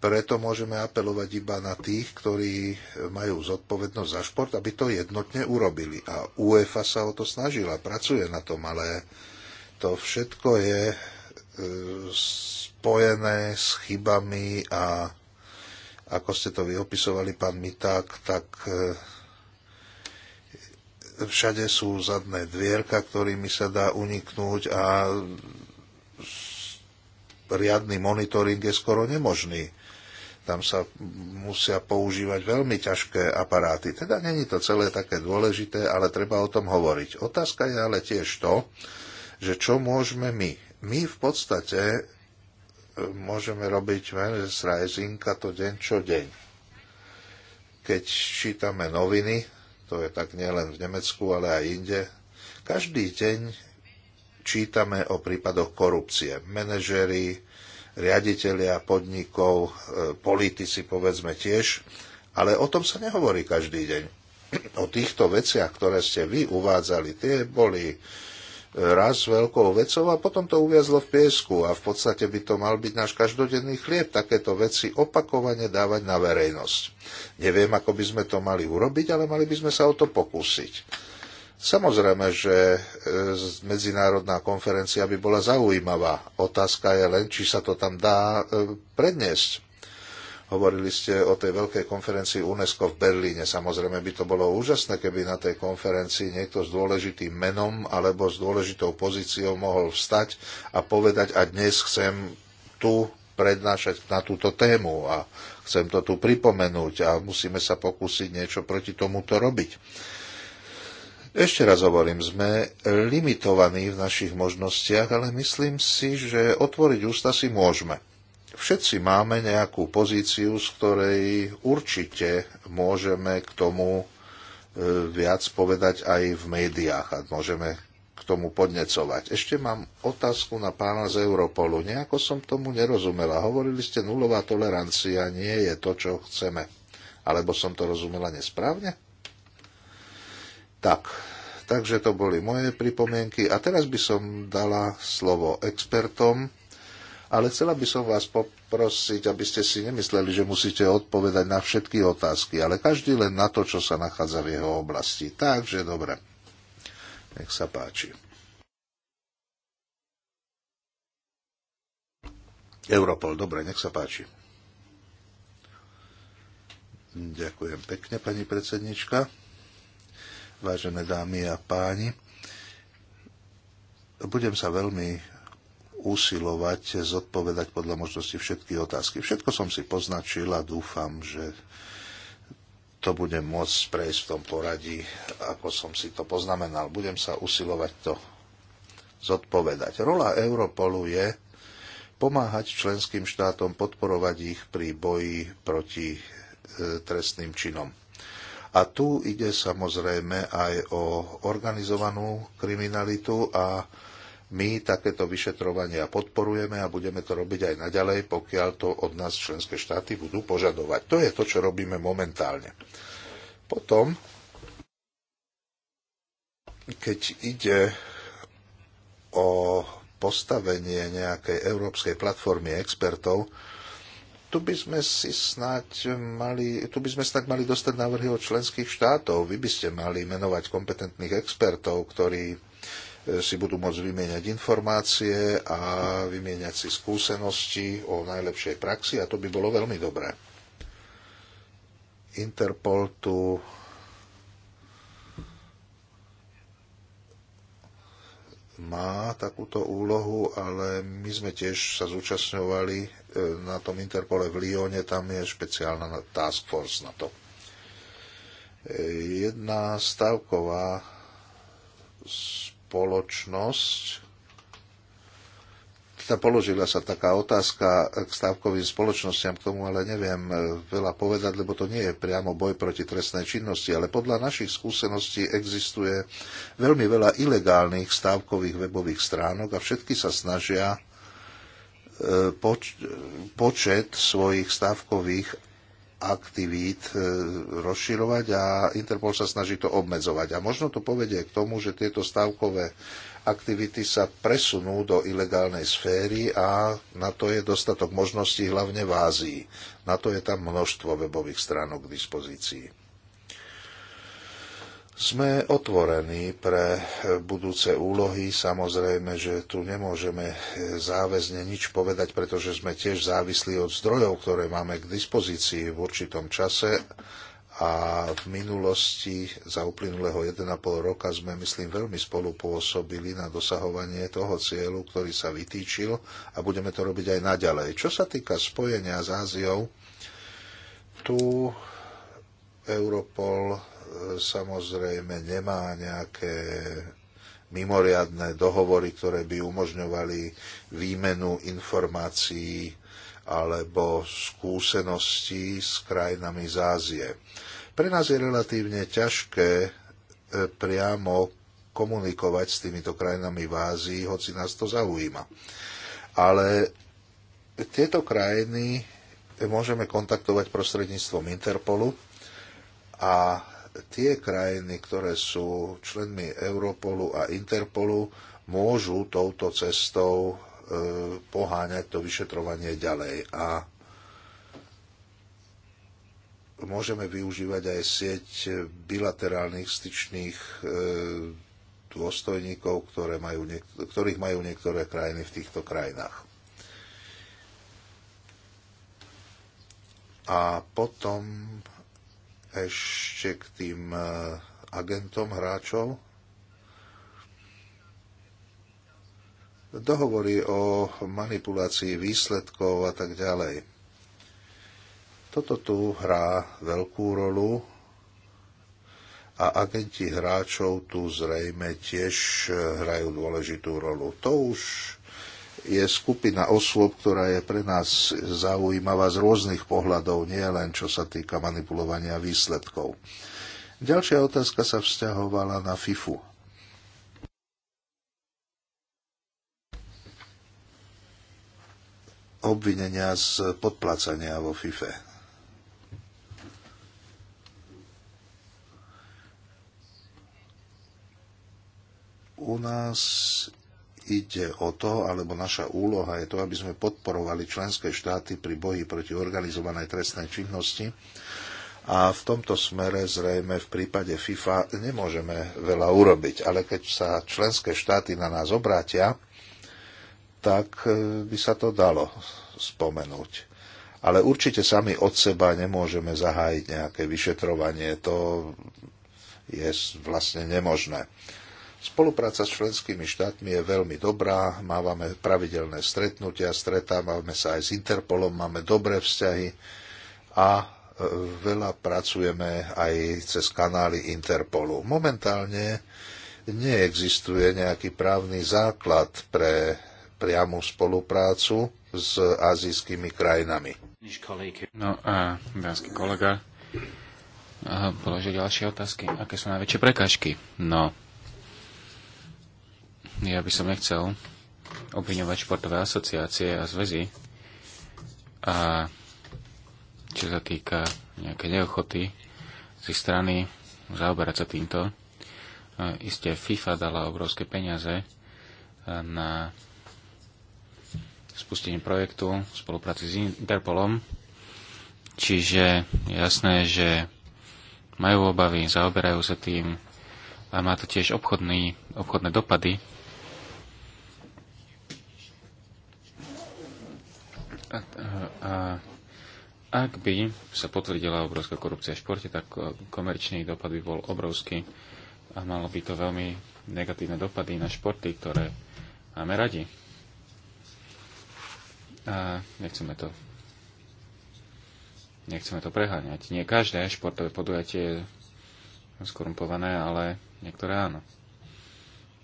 [SPEAKER 2] preto môžeme apelovať iba na tých, ktorí majú zodpovednosť za šport, aby to jednotne urobili. A UEFA sa o to snažila, pracuje na tom, ale to všetko je e, spojené s chybami a ako ste to vyopisovali, pán Miták, tak e, všade sú zadné dvierka, ktorými sa dá uniknúť a riadny monitoring je skoro nemožný tam sa musia používať veľmi ťažké aparáty. Teda není to celé také dôležité, ale treba o tom hovoriť. Otázka je ale tiež to, že čo môžeme my. My v podstate e, môžeme robiť Venus Rising a to deň čo deň. Keď čítame noviny, to je tak nielen v Nemecku, ale aj inde, každý deň čítame o prípadoch korupcie. Menežery, riaditeľia podnikov, e, politici povedzme tiež, ale o tom sa nehovorí každý deň. O týchto veciach, ktoré ste vy uvádzali, tie boli e, raz veľkou vecou a potom to uviazlo v piesku a v podstate by to mal byť náš každodenný chlieb, takéto veci opakovane dávať na verejnosť. Neviem, ako by sme to mali urobiť, ale mali by sme sa o to pokúsiť Samozrejme, že e, medzinárodná konferencia by bola zaujímavá. Otázka je len, či sa to tam dá e, predniesť. Hovorili ste o tej veľkej konferencii UNESCO v Berlíne. Samozrejme by to bolo úžasné, keby na tej konferencii niekto s dôležitým menom alebo s dôležitou pozíciou mohol vstať a povedať a dnes chcem tu prednášať na túto tému a chcem to tu pripomenúť a musíme sa pokúsiť niečo proti tomuto robiť ešte raz hovorím, sme limitovaní v našich možnostiach, ale myslím si, že otvoriť ústa si môžeme. Všetci máme nejakú pozíciu, z ktorej určite môžeme k tomu e, viac povedať aj v médiách a môžeme k tomu podnecovať. Ešte mám otázku na pána z Europolu. Nejako som tomu nerozumela. Hovorili ste nulová tolerancia nie je to, čo chceme. Alebo som to rozumela nesprávne? Tak, takže to boli moje pripomienky a teraz by som dala slovo expertom, ale chcela by som vás poprosiť, aby ste si nemysleli, že musíte odpovedať na všetky otázky, ale každý len na to, čo sa nachádza v jeho oblasti. Takže dobre, nech sa páči. Europol, dobre, nech sa páči. Ďakujem pekne, pani predsednička vážené dámy a páni. Budem sa veľmi usilovať zodpovedať podľa možnosti všetky otázky. Všetko som si poznačil a dúfam, že to budem môcť prejsť v tom poradí, ako som si to poznamenal. Budem sa usilovať to zodpovedať. Rola Europolu je pomáhať členským štátom podporovať ich pri boji proti e, trestným činom. A tu ide samozrejme aj o organizovanú kriminalitu a my takéto vyšetrovania podporujeme a budeme to robiť aj naďalej, pokiaľ to od nás členské štáty budú požadovať. To je to, čo robíme momentálne. Potom, keď ide o postavenie nejakej európskej platformy expertov, tu by sme si snáď mali, tu by sme snáď mali dostať návrhy od členských štátov. Vy by ste mali menovať kompetentných expertov, ktorí e, si budú môcť vymieňať informácie a vymieňať si skúsenosti o najlepšej praxi a to by bolo veľmi dobré. Interpol tu má takúto úlohu, ale my sme tiež sa zúčastňovali E, na tom Interpole v Lyone, tam je špeciálna task force na to. E, jedna stavková spoločnosť tá položila sa taká otázka k stavkovým spoločnostiam, k tomu ale neviem e, veľa povedať, lebo to nie je priamo boj proti trestnej činnosti, ale podľa našich skúseností existuje veľmi veľa ilegálnych stávkových webových stránok a všetky sa snažia poč- počet svojich stávkových aktivít e, rozširovať a Interpol sa snaží to obmedzovať. A možno to povedie k tomu, že tieto stávkové aktivity sa presunú do ilegálnej sféry a na to je dostatok možností hlavne v Ázii. Na to je tam množstvo webových stránok k dispozícii. Sme otvorení pre e, budúce úlohy. Samozrejme, že tu nemôžeme e, záväzne nič povedať, pretože sme tiež závislí od zdrojov, ktoré máme k dispozícii v určitom čase. A v minulosti za uplynulého 1,5 roka sme, myslím, veľmi spolupôsobili na dosahovanie toho cieľu, ktorý sa vytýčil a budeme to robiť aj naďalej. Čo sa týka spojenia s Áziou, tu Europol samozrejme nemá nejaké mimoriadné dohovory, ktoré by umožňovali výmenu informácií alebo skúseností s krajinami z Ázie. Pre nás je relatívne ťažké e, priamo komunikovať s týmito krajinami v Ázii, hoci nás to zaujíma. Ale tieto krajiny môžeme kontaktovať prostredníctvom Interpolu a tie krajiny, ktoré sú členmi Europolu a Interpolu, môžu touto cestou e, poháňať to vyšetrovanie ďalej. A môžeme využívať aj sieť bilaterálnych styčných e, dôstojníkov, ktoré majú ktorých majú niektoré krajiny v týchto krajinách. A potom ešte k tým e, agentom hráčom. Dohovory o manipulácii výsledkov a tak ďalej. Toto tu hrá veľkú rolu a agenti hráčov tu zrejme tiež hrajú dôležitú rolu. To už je skupina osôb, ktorá je pre nás zaujímavá z rôznych pohľadov, nie len čo sa týka manipulovania výsledkov. Ďalšia otázka sa vzťahovala na FIFU. Obvinenia z podplacania vo FIFE. U nás ide o to, alebo naša úloha je to, aby sme podporovali členské štáty pri boji proti organizovanej trestnej činnosti. A v tomto smere zrejme v prípade FIFA nemôžeme veľa urobiť, ale keď sa členské štáty na nás obrátia, tak e, by sa to dalo spomenúť. Ale určite sami od seba nemôžeme zahájiť nejaké vyšetrovanie. To je vlastne nemožné. Spolupráca s členskými štátmi je veľmi dobrá, máme pravidelné stretnutia, stretávame sa aj s Interpolom, máme dobré vzťahy a e, veľa pracujeme aj cez kanály Interpolu. Momentálne neexistuje nejaký právny základ pre priamu spoluprácu s azijskými krajinami.
[SPEAKER 3] No a dánsky kolega položil ďalšie otázky. Aké sú najväčšie prekážky? No, ja by som nechcel obviňovať športové asociácie a zväzy. A čo sa týka nejaké neochoty z ich strany zaoberať sa týmto, Isté FIFA dala obrovské peniaze na spustenie projektu v spolupráci s Interpolom. Čiže je jasné, že majú obavy, zaoberajú sa tým a má to tiež obchodný, obchodné dopady a, a ak by sa potvrdila obrovská korupcia v športe, tak e, komerčný dopad by bol obrovský a malo by to veľmi negatívne dopady na športy, ktoré máme radi. A nechceme to nechceme to preháňať. Nie každé športové podujatie je skorumpované, ale niektoré áno.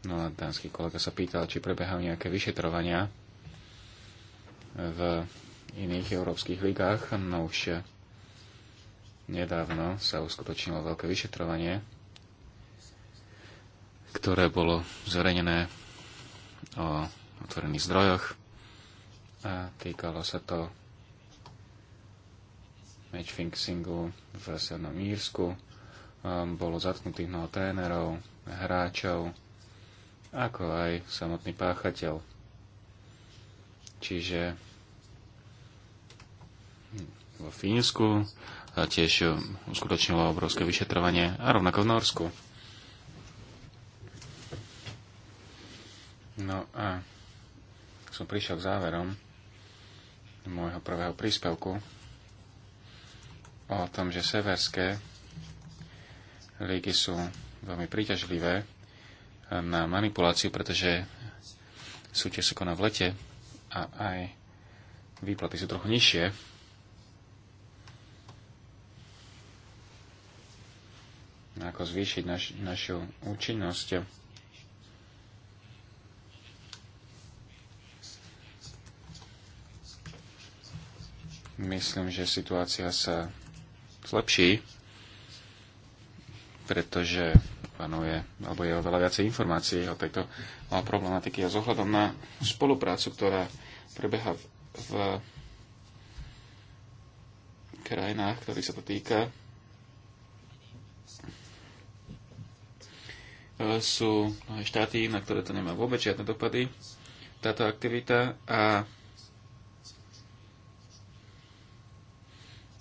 [SPEAKER 3] No a dánsky kolega sa pýtal, či prebehajú nejaké vyšetrovania v iných európskych ligách, no už nedávno sa uskutočnilo veľké vyšetrovanie, ktoré bolo zverejnené o otvorených zdrojoch a týkalo sa to matchfixingu v Severnom Írsku. Ehm, bolo zatknutých mnoho trénerov, hráčov, ako aj samotný páchateľ. Čiže v Fínsku, a tiež uskutočnilo obrovské vyšetrovanie a rovnako v Norsku. No a som prišiel k záverom môjho prvého príspevku o tom, že severské ligy sú veľmi príťažlivé na manipuláciu, pretože súťaž sa koná v lete a aj výplaty sú trochu nižšie ako zvýšiť naš, našu účinnosť. Myslím, že situácia sa zlepší, pretože panuje, alebo je oveľa viacej informácií o tejto problematike a zohľadom na spoluprácu, ktorá prebieha v, v krajinách, ktorých sa to týka, sú mnohé štáty, na ktoré to nemá vôbec žiadne dopady, táto aktivita a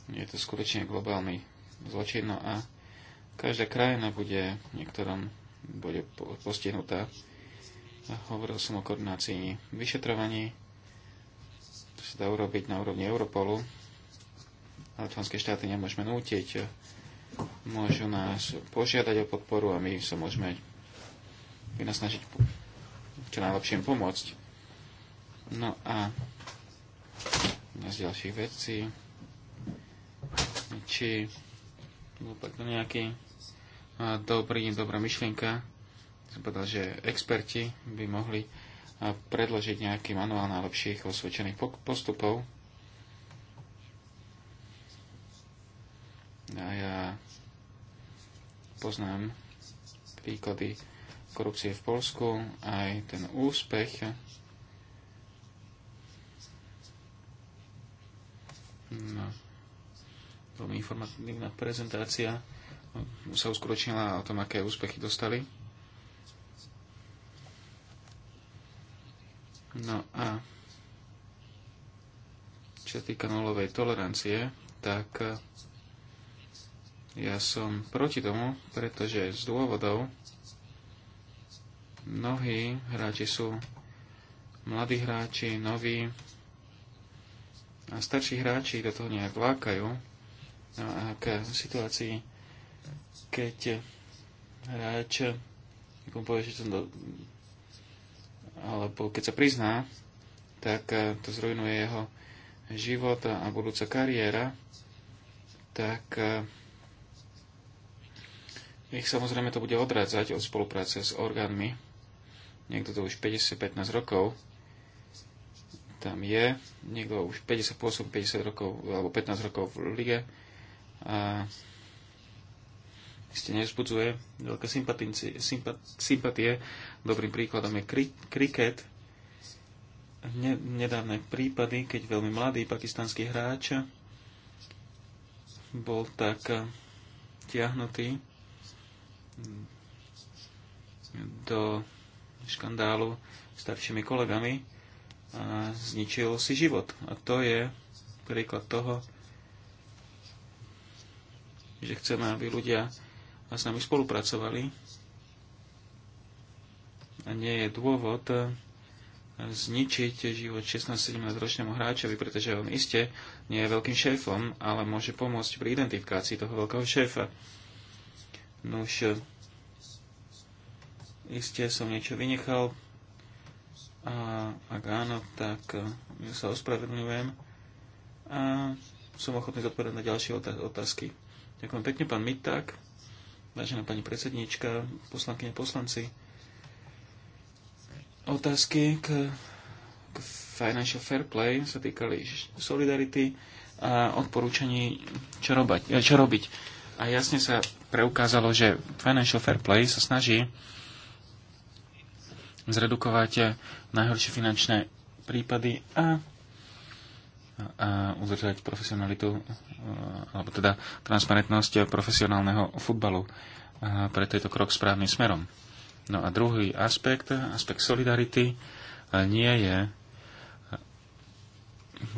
[SPEAKER 3] je to skutočne globálny zločin no a každá krajina bude v niektorom bude postihnutá. Hovoril som o koordinácii vyšetrovaní, to sa dá urobiť na úrovni Europolu, ale členské štáty nemôžeme nútiť, môžu nás požiadať o podporu a my sa môžeme snažiť čo najlepšie pomôcť. No a z ďalších vecí, či bol to nejaký dobrý, dobrá myšlienka, som povedal, že experti by mohli predložiť nejaký manuál najlepších osvedčených postupov. A ja poznám príklady korupcie v Polsku, aj ten úspech. No, veľmi informatívna prezentácia sa uskutočnila o tom, aké úspechy dostali. No a čo sa týka nulovej tolerancie, tak ja som proti tomu, pretože z dôvodov, Mnohí hráči sú mladí hráči, noví a starší hráči do toho nejak lákajú. No a k situácii, keď hráč, povie, že som do, alebo keď sa prizná, tak eh, to zrujnuje jeho život a budúca kariéra, tak eh, ich samozrejme to bude odrádzať od spolupráce s orgánmi niekto to už 50-15 rokov tam je, niekto už 50 50 rokov alebo 15 rokov v lige a ste nezbudzuje veľké sympatie. Dobrým príkladom je kri- kriket. Ne- nedávne prípady, keď veľmi mladý pakistanský hráč bol tak tiahnutý do škandálu s staršími kolegami a zničil si život. A to je príklad toho, že chceme, aby ľudia s nami spolupracovali. A nie je dôvod e, zničiť život 16-17 ročnému hráčovi, pretože on iste nie je veľkým šéfom, ale môže pomôcť pri identifikácii toho veľkého šéfa. No už Isté som niečo vynechal. A ak áno, tak ja e, sa ospravedlňujem. A som ochotný zodpovedať na ďalšie otázky. Ďakujem pekne, pán Miták, vážená pani predsednička, poslankyne, poslanci. Otázky k, k Financial Fair Play sa týkali solidarity a odporúčaní, čo, robať, e, čo robiť. A jasne sa preukázalo, že Financial Fair Play sa snaží zredukovať eh, najhoršie finančné prípady a, a udržať profesionalitu, eh, alebo teda transparentnosť eh, profesionálneho futbalu. A preto je to krok správnym smerom. No a druhý aspekt, aspekt solidarity, nie je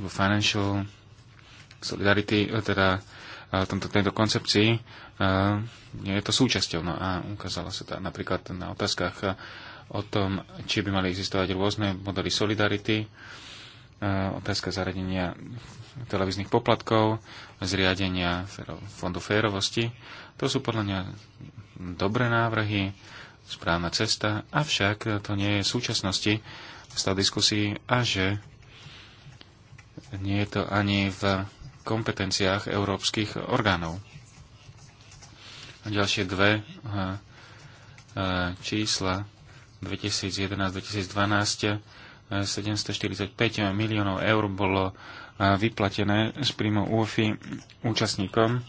[SPEAKER 3] v financial solidarity, teda v tomto, tejto koncepcii, nie je to súčasťou. No a ukázalo sa to napríklad na otázkach o tom, či by mali existovať rôzne modely solidarity, e, otázka zaradenia televíznych poplatkov, zriadenia fondu férovosti. To sú podľa mňa dobré návrhy, správna cesta, avšak to nie je v súčasnosti stav diskusí a že nie je to ani v kompetenciách európskych orgánov. A ďalšie dve e, e, čísla 2011-2012 745 eh, miliónov eur bolo eh, vyplatené z príjmu UOFI účastníkom.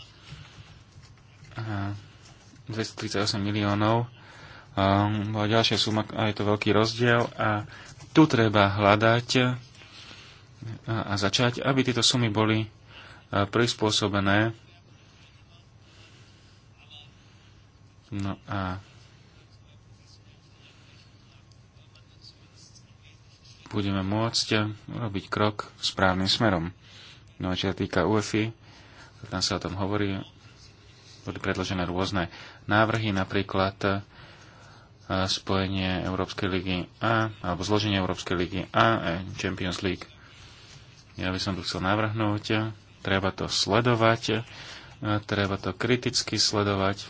[SPEAKER 3] 238 eh, miliónov bola ďalšia suma a je to veľký rozdiel a tu treba hľadať a začať, aby tieto sumy boli prispôsobené. No a budeme môcť robiť krok správnym smerom. No a čo sa týka UEFI, tam sa o tom hovorí, boli predložené rôzne návrhy, napríklad e, spojenie Európskej ligy A, alebo zloženie Európskej ligy A, e, Champions League. Ja by som tu chcel navrhnúť, e, treba to sledovať, treba to kriticky sledovať,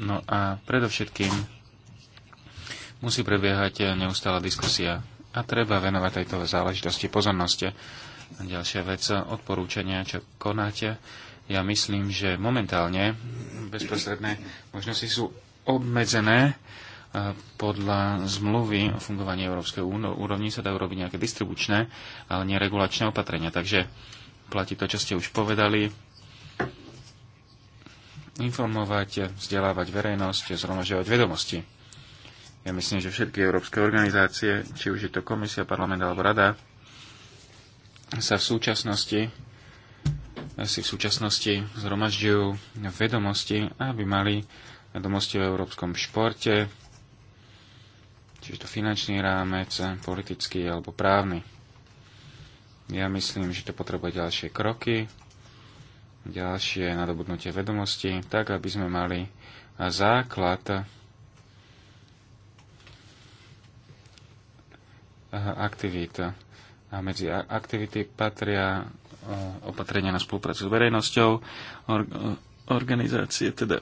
[SPEAKER 3] no a predovšetkým musí prebiehať neustála diskusia a treba venovať tejto záležitosti pozornosť. Ďalšia vec, odporúčania, čo konáte. Ja myslím, že momentálne bezprostredné možnosti sú obmedzené podľa zmluvy o fungovaní Európskej úrovni sa dajú robiť nejaké distribučné, ale neregulačné opatrenia. Takže platí to, čo ste už povedali. Informovať, vzdelávať verejnosť, zhromažďovať vedomosti. Ja myslím, že všetky európske organizácie, či už je to komisia, parlament alebo rada, sa v súčasnosti si v súčasnosti zhromažďujú vedomosti, aby mali vedomosti o európskom športe, čiže to finančný rámec, politický alebo právny. Ja myslím, že to potrebuje ďalšie kroky, ďalšie nadobudnutie vedomosti, tak aby sme mali základ aktivít. A medzi aktivity patria opatrenia na spoluprácu s verejnosťou, or, organizácie, teda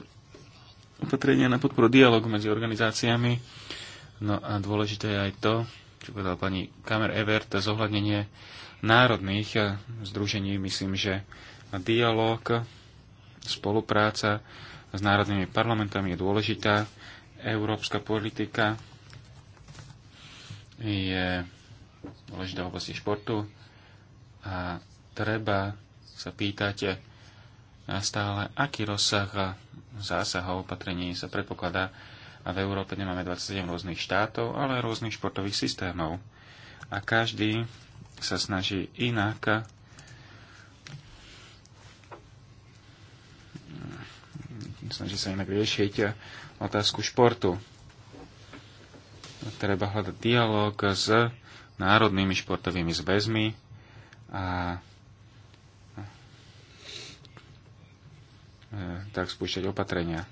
[SPEAKER 3] opatrenia na podporu dialogu medzi organizáciami. No a dôležité je aj to, čo povedala pani Kamer Evert, zohľadnenie národných e, združení. Myslím, že dialog, spolupráca s národnými parlamentami je dôležitá. Európska politika je dôležitá v oblasti športu a treba sa pýtať stále, aký rozsah zásahov opatrení sa predpokladá a v Európe nemáme 27 rôznych štátov, ale rôznych športových systémov. A každý sa snaží inak mm, snaží sa inak riešiť otázku športu treba hľadať dialog s národnými športovými zväzmi a e, tak spúšťať opatrenia.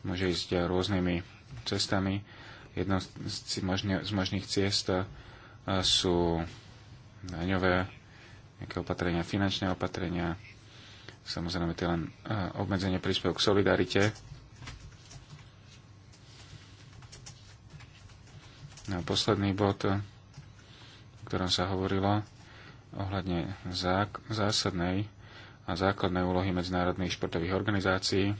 [SPEAKER 3] To Môže ísť rôznymi cestami. Jednou z, z možných ciest e, sú daňové nejaké opatrenia, finančné opatrenia, samozrejme tie len e, obmedzenie príspevok k solidarite, na posledný bod, o ktorom sa hovorilo, ohľadne zásadnej a základnej úlohy medzinárodných športových organizácií.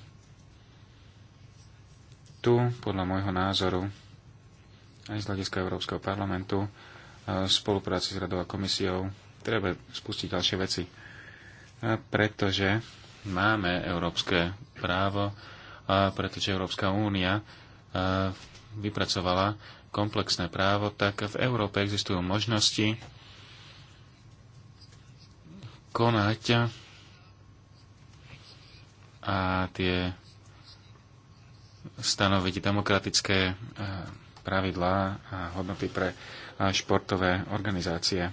[SPEAKER 3] Tu, podľa môjho názoru, aj z hľadiska Európskeho parlamentu, e, v spolupráci s Radou a komisiou treba spustiť ďalšie veci. E, pretože máme európske právo, pretože Európska únia e, vypracovala komplexné právo, tak v Európe existujú možnosti konať a tie stanoviť demokratické eh, pravidlá a hodnoty pre eh, športové organizácie.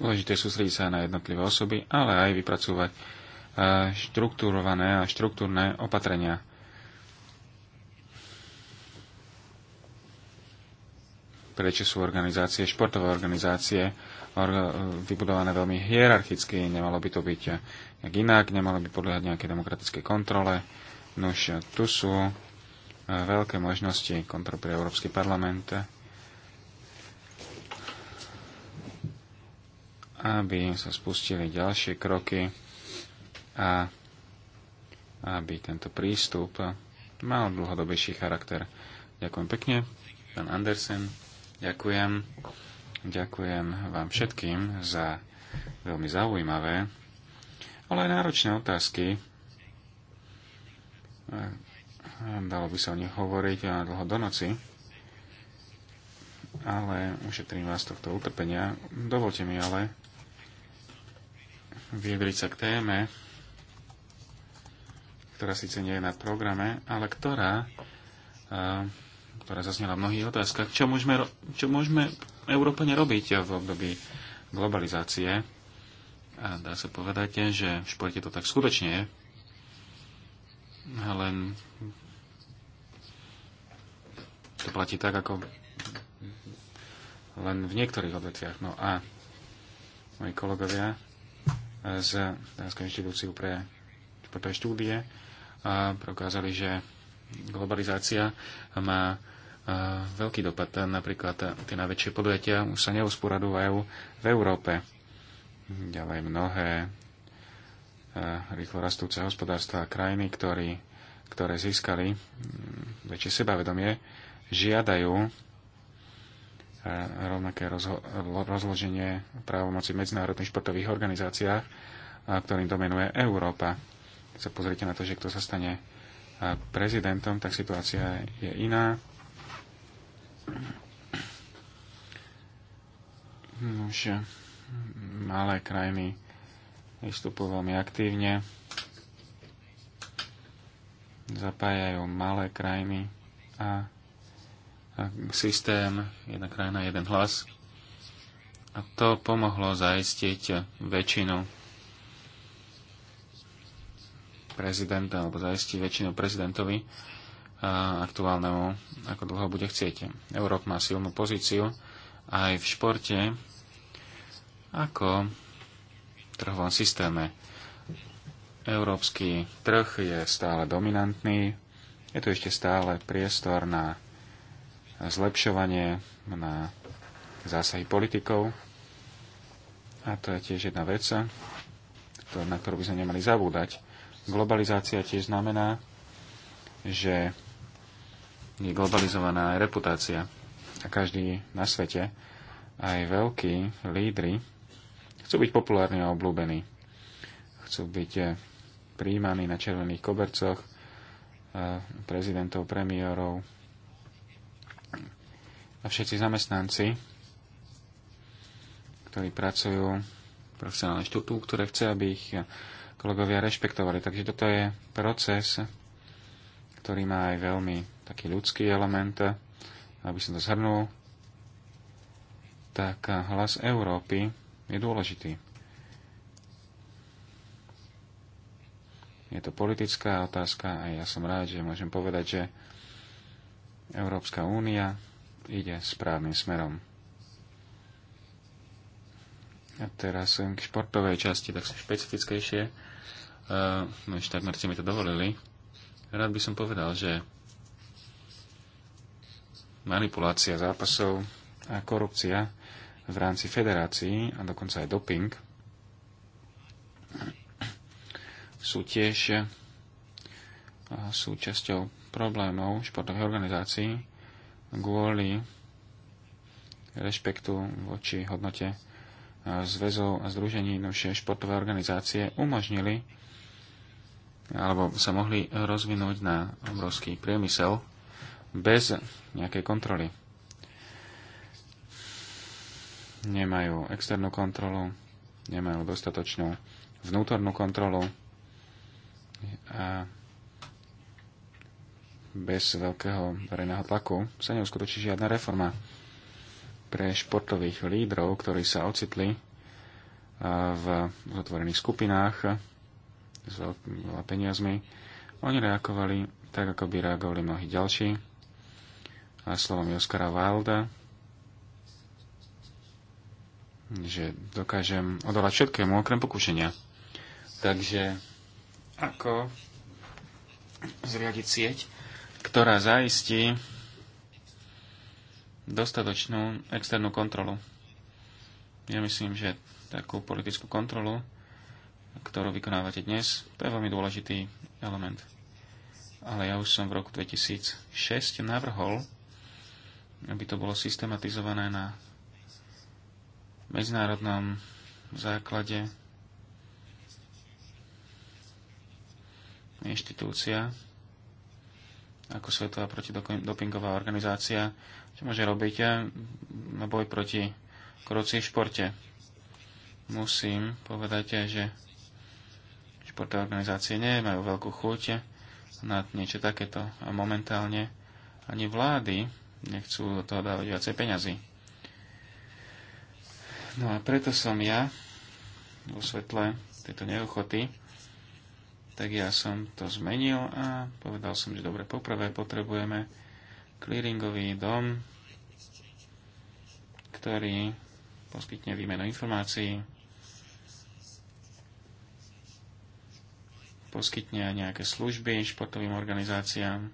[SPEAKER 3] Dôležité sústrediť sa na jednotlivé osoby, ale aj vypracúvať eh, štruktúrované a štruktúrne opatrenia. prečo sú organizácie, športové organizácie vybudované veľmi hierarchicky, nemalo by to byť nejak inak, nemalo by podľať nejaké demokratické kontrole. No už tu sú e, veľké možnosti kontrol pre Európsky parlament, aby sa spustili ďalšie kroky a aby tento prístup mal dlhodobejší charakter. Ďakujem pekne, pán Andersen. Ďakujem. Ďakujem vám všetkým za veľmi zaujímavé, ale aj náročné otázky. Dalo by sa o nich hovoriť a dlho do noci, ale ušetrím vás tohto utrpenia. Dovolte mi ale vyjadriť sa k téme, ktorá síce nie je na programe, ale ktorá uh, ktorá zaznela v mnohých otázkach, čo môžeme, čo môžeme Európane robiť v období globalizácie. A dá sa povedať, že v športe to tak skutočne je. Len to platí tak, ako len v niektorých odvetviach. No a moji kolegovia z Dánskej inštitúciu pre športové štúdie prokázali, že globalizácia má veľký dopad. Napríklad eh, tie najväčšie podujatia už sa neusporadujú v Európe. Ďalej mnohé eh, rýchlo rastúce hospodárstva a krajiny, ktorý, ktoré získali hm, väčšie sebavedomie, žiadajú eh, rovnaké rozho- rozloženie právomoci v medzinárodných športových organizáciách, ktorým dominuje Európa. Keď sa pozrite na to, že kto sa stane prezidentom, tak situácia je iná už malé krajiny vystupujú veľmi aktívne. Zapájajú malé krajiny a, a systém jedna krajina, jeden hlas. A to pomohlo zaistiť väčšinu prezidenta, alebo zaistiť väčšinu prezidentovi aktuálnemu, ako dlho bude chcieť. Európ má silnú pozíciu aj v športe ako v trhovom systéme. Európsky trh je stále dominantný, je tu ešte stále priestor na zlepšovanie, na zásahy politikov. A to je tiež jedna vec, na ktorú by sme nemali zabúdať. Globalizácia tiež znamená, že je globalizovaná reputácia. A každý na svete, aj veľkí lídry, chcú byť populárni a obľúbení. Chcú byť eh, príjmaní na červených kobercoch eh, prezidentov, premiérov a všetci zamestnanci, ktorí pracujú v profesionálnej štruktúre, ktoré chce, aby ich eh, kolegovia rešpektovali. Takže toto je proces, ktorý má aj veľmi taký ľudský element, aby som to zhrnul, tak hlas Európy je dôležitý. Je to politická otázka a ja som rád, že môžem povedať, že Európska únia ide správnym smerom. A teraz k športovej časti, tak som špecifickejšie. Uh, no, štát mi to dovolili. Rád by som povedal, že manipulácia zápasov a korupcia v rámci federácií a dokonca aj doping sú tiež súčasťou problémov športových organizácií kvôli rešpektu voči hodnote zväzov a združení novšie športové organizácie umožnili alebo sa mohli rozvinúť na obrovský priemysel bez nejakej kontroly. Nemajú externú kontrolu, nemajú dostatočnú vnútornú kontrolu a bez veľkého verejného tlaku sa neuskutočí žiadna reforma. Pre športových lídrov, ktorí sa ocitli v otvorených skupinách s veľkými peniazmi, oni reagovali tak, ako by reagovali mnohí ďalší a slovami Oskara Wilda, že dokážem odolať všetkému okrem pokušenia. Takže ako zriadiť sieť, ktorá zaistí dostatočnú externú kontrolu. Ja myslím, že takú politickú kontrolu, ktorú vykonávate dnes, to je veľmi dôležitý element. Ale ja už som v roku 2006 navrhol, aby to bolo systematizované na medzinárodnom základe. Inštitúcia ako Svetová protidopingová organizácia, čo môže robiť eh, na boj proti korupcii v športe. Musím povedať, eh, že športové organizácie nemajú veľkú chuť na niečo takéto a momentálne ani vlády nechcú do toho dávať viacej peňazí. No a preto som ja vo svetle tejto neochoty, tak ja som to zmenil a povedal som, že dobre, poprvé potrebujeme clearingový dom, ktorý poskytne výmenu informácií, poskytne nejaké služby športovým organizáciám,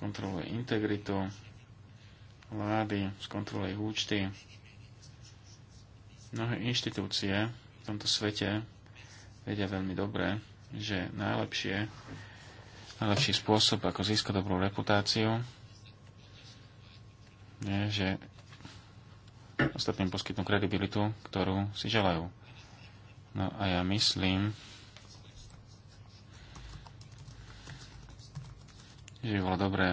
[SPEAKER 3] skontroluje integritu vlády, skontroluje účty. Mnohé inštitúcie v tomto svete vedia veľmi dobre, že najlepšie, najlepší spôsob, ako získať dobrú reputáciu, je, že ostatným poskytnú kredibilitu, ktorú si želajú. No a ja myslím, že by bolo dobré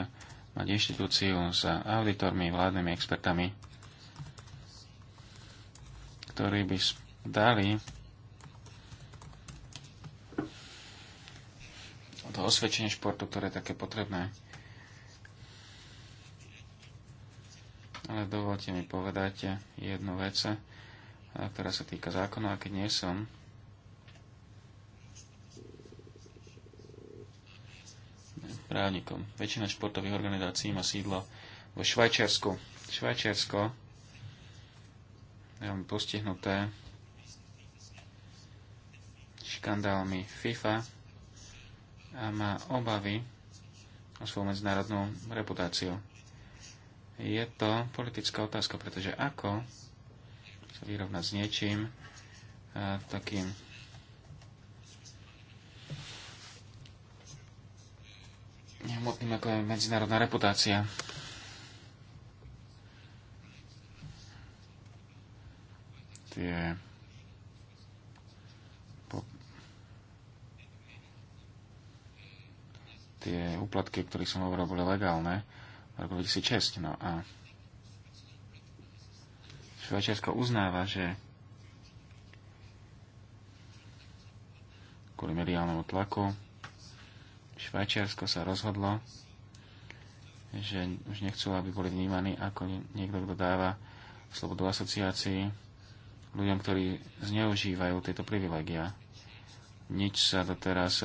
[SPEAKER 3] mať inštitúciu s auditormi, vládnymi expertami, ktorí by dali to osvedčenie športu, ktoré je také potrebné. Ale dovolte mi povedať jednu vec, ktorá sa týka zákona, a keď nie som právnikom. Väčšina športových organizácií má sídlo vo Švajčiarsku. Švajčiarsko je postihnuté škandálmi FIFA a má obavy o svoju medzinárodnú reputáciu. Je to politická otázka, pretože ako sa vyrovnať s niečím takým hmotným, ako je medzinárodná reputácia. Tie tie úplatky, o ktorých som hovoril, boli legálne v roku 2006. No a Švajčiarsko uznáva, že kvôli mediálnemu tlaku Švajčiarsko sa rozhodlo, že už nechcú, aby boli vnímaní ako niekto, kto dáva slobodu asociácií ľuďom, ktorí zneužívajú tieto privilegia. Nič sa doteraz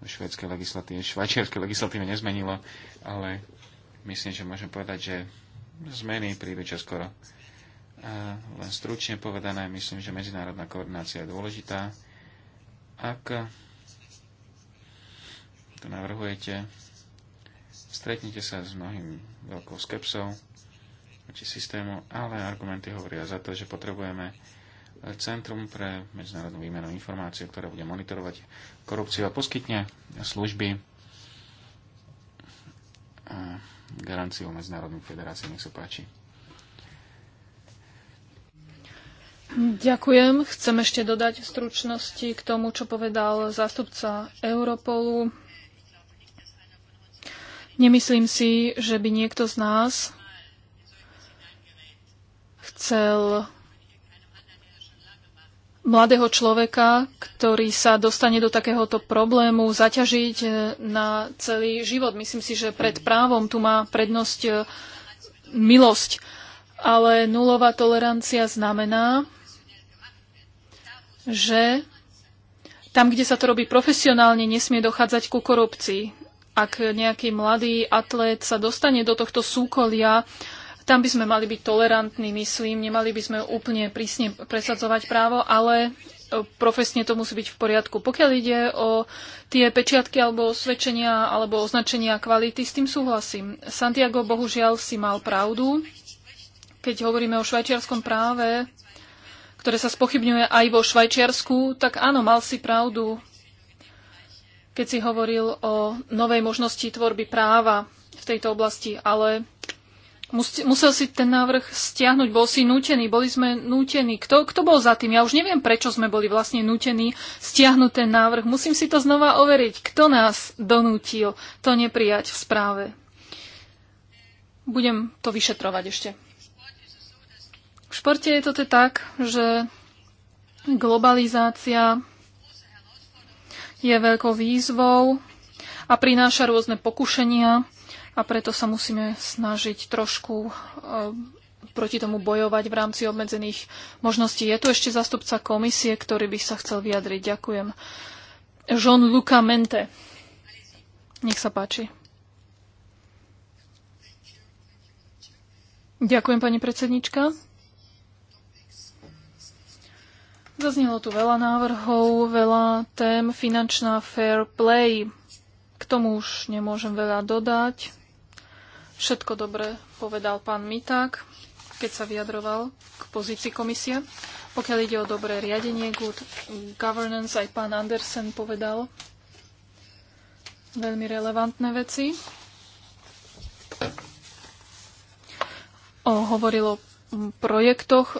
[SPEAKER 3] v švedskej legislatíve, švajčiarskej legislatíve nezmenilo, ale myslím, že môžem povedať, že zmeny príde čoskoro. A len stručne povedané, myslím, že medzinárodná koordinácia je dôležitá. Ak to navrhujete. Stretnite sa s mnohým veľkou skepsou voči systému, ale argumenty hovoria za to, že potrebujeme Centrum pre medzinárodnú výmenu informácií, ktoré bude monitorovať korupciu a poskytne služby a garanciu Medzinárodnej federácie. Nech sa páči.
[SPEAKER 1] Ďakujem. Chcem ešte dodať v stručnosti k tomu, čo povedal zástupca Europolu. Nemyslím si, že by niekto z nás chcel mladého človeka, ktorý sa dostane do takéhoto problému, zaťažiť na celý život. Myslím si, že pred právom tu má prednosť e, milosť. Ale nulová tolerancia znamená, že tam, kde sa to robí profesionálne, nesmie dochádzať ku korupcii ak nejaký mladý atlét sa dostane do tohto súkolia, tam by sme mali byť tolerantní, myslím, nemali by sme úplne prísne presadzovať právo, ale e, profesne to musí byť v poriadku. Pokiaľ ide o tie pečiatky alebo osvedčenia alebo označenia kvality, s tým súhlasím. Santiago bohužiaľ si mal pravdu. Keď hovoríme o švajčiarskom práve, ktoré sa spochybňuje aj vo Švajčiarsku, tak áno, mal si pravdu keď si hovoril o novej možnosti tvorby práva v tejto oblasti, ale musel si ten návrh stiahnuť, bol si nútený, boli sme nútení. Kto, kto bol za tým? Ja už neviem, prečo sme boli vlastne nútení stiahnuť ten návrh. Musím si to znova overiť. Kto nás donútil to neprijať v správe? Budem to vyšetrovať ešte. V športe je to tak, že globalizácia je veľkou výzvou a prináša rôzne pokušenia a preto sa musíme snažiť trošku e, proti tomu bojovať v rámci obmedzených možností. Je tu ešte zastupca komisie, ktorý by sa chcel vyjadriť. Ďakujem. Jean-Luca Mente. Nech sa páči. Ďakujem, pani predsednička. Zaznelo tu veľa návrhov, veľa tém, finančná fair play. K tomu už nemôžem veľa dodať. Všetko dobre povedal pán Miták, keď sa vyjadroval k pozícii komisie. Pokiaľ ide o dobré riadenie, good governance, aj pán Andersen povedal veľmi relevantné veci. O, hovorilo projektoch e,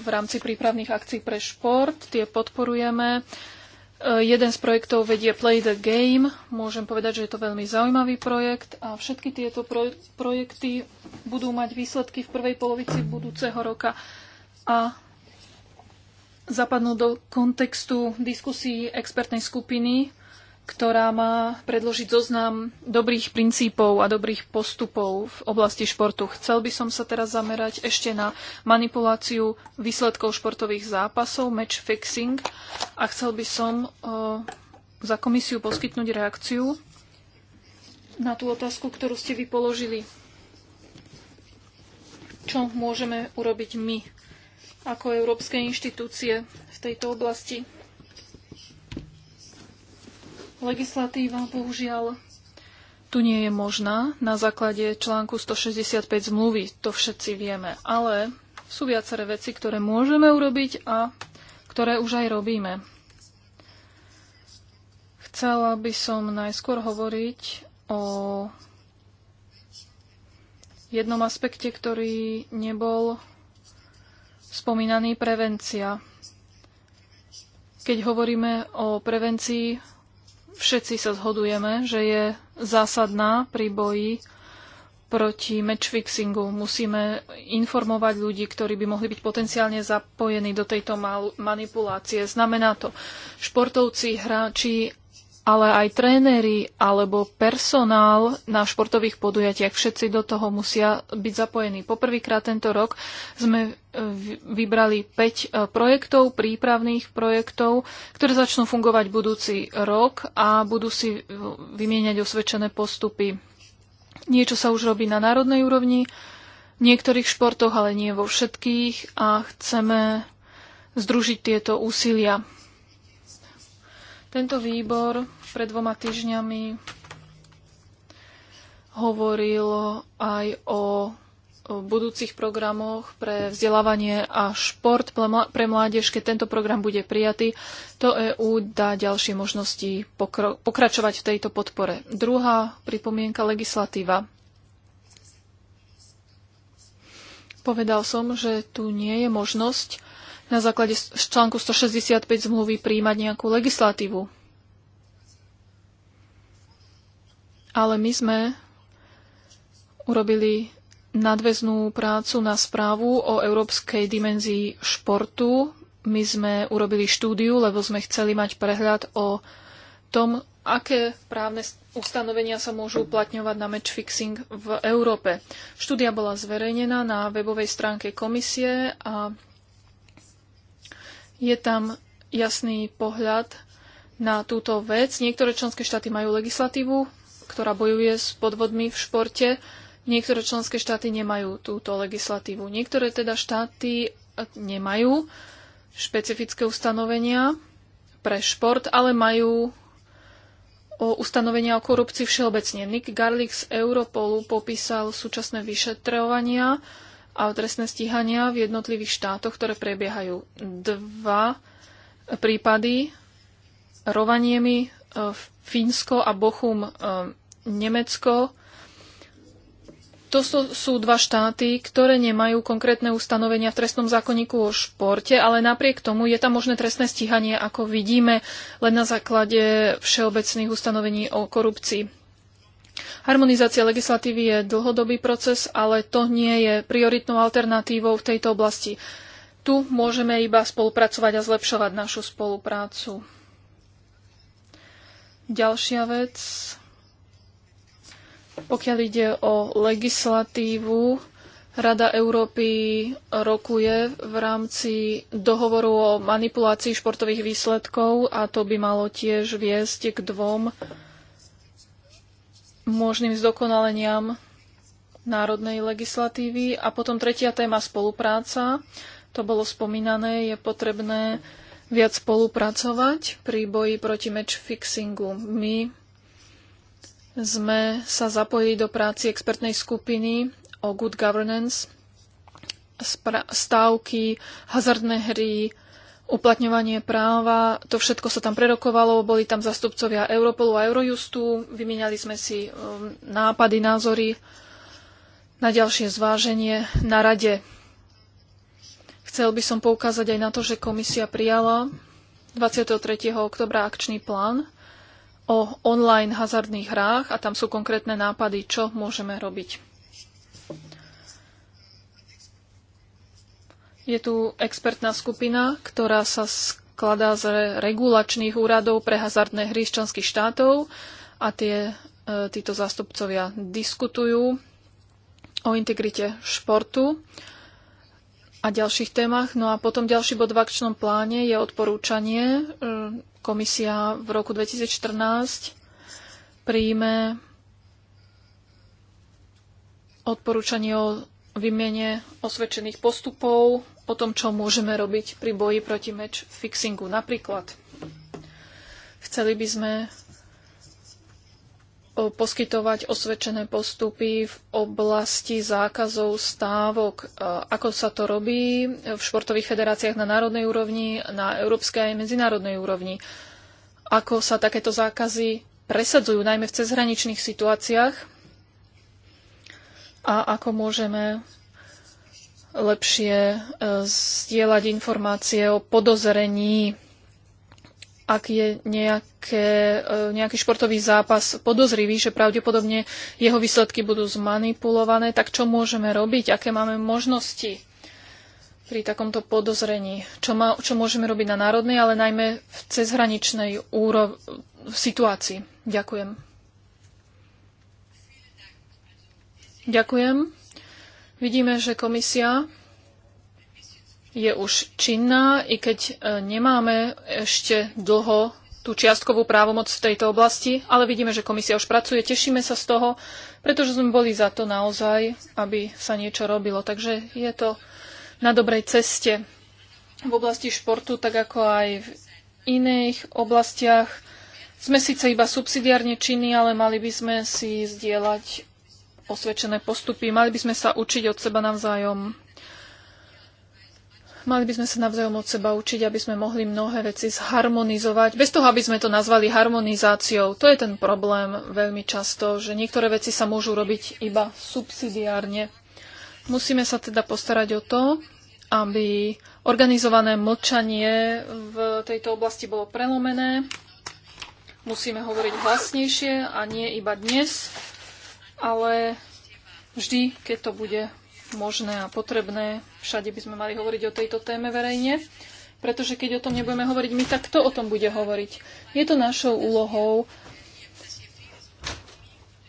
[SPEAKER 1] v rámci prípravných akcií pre šport. Tie podporujeme. E, jeden z projektov vedie Play the Game. Môžem povedať, že je to veľmi zaujímavý projekt a všetky tieto projekty budú mať výsledky v prvej polovici budúceho roka a zapadnú do kontextu diskusí expertnej skupiny ktorá má predložiť zoznam dobrých princípov a dobrých postupov v oblasti športu. Chcel by som sa teraz zamerať ešte na manipuláciu výsledkov športových zápasov, match fixing, a chcel by som o, za komisiu poskytnúť reakciu na tú otázku, ktorú ste vy položili. Čo môžeme urobiť my ako európske inštitúcie v tejto oblasti? Legislatíva, bohužiaľ, tu nie je možná na základe článku 165 zmluvy, to všetci vieme, ale sú viaceré veci, ktoré môžeme urobiť a ktoré už aj robíme. Chcela by som najskôr hovoriť o jednom aspekte, ktorý nebol spomínaný prevencia. Keď hovoríme o prevencii všetci sa zhodujeme, že je zásadná pri boji proti matchfixingu. Musíme informovať ľudí, ktorí by mohli byť potenciálne zapojení do tejto manipulácie. Znamená to športovci, hráči ale aj tréneri alebo personál na športových podujatiach. Všetci do toho musia byť zapojení. Poprvýkrát tento rok sme e, vybrali 5 e, projektov, prípravných projektov, ktoré začnú fungovať budúci rok a budú si e, vymieňať osvedčené postupy. Niečo sa už robí na národnej úrovni, v niektorých športoch, ale nie vo všetkých a chceme združiť tieto úsilia. Tento výbor pred dvoma týždňami hovoril aj o budúcich programoch pre vzdelávanie a šport pre mládež, keď tento program bude prijatý, to EÚ dá ďalšie možnosti pokračovať v tejto podpore. Druhá pripomienka legislatíva. Povedal som, že tu nie je možnosť na základe článku 165 zmluvy príjmať nejakú legislatívu. Ale my sme urobili nadväznú prácu na správu o európskej dimenzii športu. My sme urobili štúdiu, lebo sme chceli mať prehľad o tom, aké právne ustanovenia sa môžu uplatňovať na match fixing v Európe. Štúdia bola zverejnená na webovej stránke komisie a je tam jasný pohľad na túto vec. Niektoré členské štáty majú legislatívu, ktorá bojuje s podvodmi v športe. Niektoré členské štáty nemajú túto legislatívu. Niektoré teda štáty nemajú špecifické ustanovenia pre šport, ale majú o ustanovenia o korupcii všeobecne. Nick Garlick z Europolu popísal súčasné vyšetrovania a o trestné stíhania v jednotlivých štátoch, ktoré prebiehajú. Dva prípady rovaniemi e, Fínsko a Bochum e, Nemecko. To sú, sú dva štáty, ktoré nemajú konkrétne ustanovenia v trestnom zákonníku o športe, ale napriek tomu je tam možné trestné stíhanie, ako vidíme, len na základe všeobecných ustanovení o korupcii. Harmonizácia legislatívy je dlhodobý proces, ale to nie je prioritnou alternatívou v tejto oblasti. Tu môžeme iba spolupracovať a zlepšovať našu spoluprácu. Ďalšia vec, pokiaľ ide o legislatívu, Rada Európy rokuje v rámci dohovoru o manipulácii športových výsledkov a to by malo tiež viesť k dvom možným zdokonaleniam národnej legislatívy. A potom tretia téma spolupráca. To bolo spomínané, je potrebné viac spolupracovať pri boji proti match fixingu. My sme sa zapojili do práci expertnej skupiny o good governance, stávky, hazardné hry, uplatňovanie práva, to všetko sa tam prerokovalo, boli tam zastupcovia Europolu a Eurojustu, vymieniali sme si um, nápady, názory na ďalšie zváženie na rade. Chcel by som poukázať aj na to, že komisia prijala 23. oktobra akčný plán o online hazardných hrách a tam sú konkrétne nápady, čo môžeme robiť. Je tu expertná skupina, ktorá sa skladá z regulačných úradov pre hazardné hry z členských štátov a tie, e, títo zástupcovia diskutujú o integrite športu a ďalších témach. No a potom ďalší bod v akčnom pláne je odporúčanie. E, komisia v roku 2014 príjme odporúčanie o vymene osvedčených postupov o tom, čo môžeme robiť pri boji proti meč fixingu. Napríklad chceli by sme poskytovať osvedčené postupy v oblasti zákazov stávok. E, ako sa to robí v športových federáciách na národnej úrovni, na európskej aj medzinárodnej úrovni? Ako sa takéto zákazy presadzujú, najmä v cezhraničných situáciách? A ako môžeme lepšie e, zdieľať informácie o podozrení, ak je nejaké, e, nejaký športový zápas podozrivý, že pravdepodobne jeho výsledky budú zmanipulované, tak čo môžeme robiť, aké máme možnosti pri takomto podozrení, čo, má, čo môžeme robiť na národnej, ale najmä v cezhraničnej úrov, situácii. Ďakujem. Ďakujem. Vidíme, že komisia je už činná, i keď e, nemáme ešte dlho tú čiastkovú právomoc v tejto oblasti, ale vidíme, že komisia už pracuje, tešíme sa z toho, pretože sme boli za to naozaj, aby sa niečo robilo. Takže je to na dobrej ceste v oblasti športu, tak ako aj v iných oblastiach. Sme síce iba subsidiárne činní, ale mali by sme si zdieľať osvedčené postupy. Mali by sme sa učiť od seba navzájom. Mali by sme sa navzájom od seba učiť, aby sme mohli mnohé veci zharmonizovať, bez toho, aby sme to nazvali harmonizáciou. To je ten problém veľmi často, že niektoré veci sa môžu robiť iba subsidiárne. Musíme sa teda postarať o to, aby organizované mlčanie v tejto oblasti bolo prelomené. Musíme hovoriť hlasnejšie a nie iba dnes, ale vždy, keď to bude možné a potrebné, všade by sme mali hovoriť o tejto téme verejne, pretože keď o tom nebudeme hovoriť my, tak kto o tom bude hovoriť? Je to našou úlohou.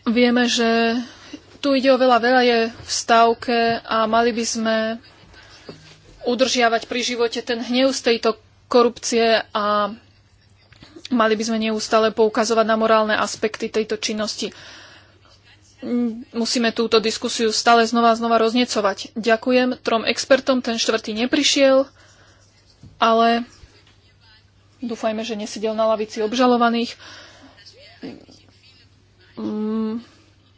[SPEAKER 1] Vieme, že tu ide o veľa, veľa je v stavke a mali by sme udržiavať pri živote ten hnev z tejto korupcie a mali by sme neustále poukazovať na morálne aspekty tejto činnosti musíme túto diskusiu stále znova a znova roznecovať. Ďakujem trom expertom, ten štvrtý neprišiel, ale dúfajme, že nesedel na lavici obžalovaných. Mm,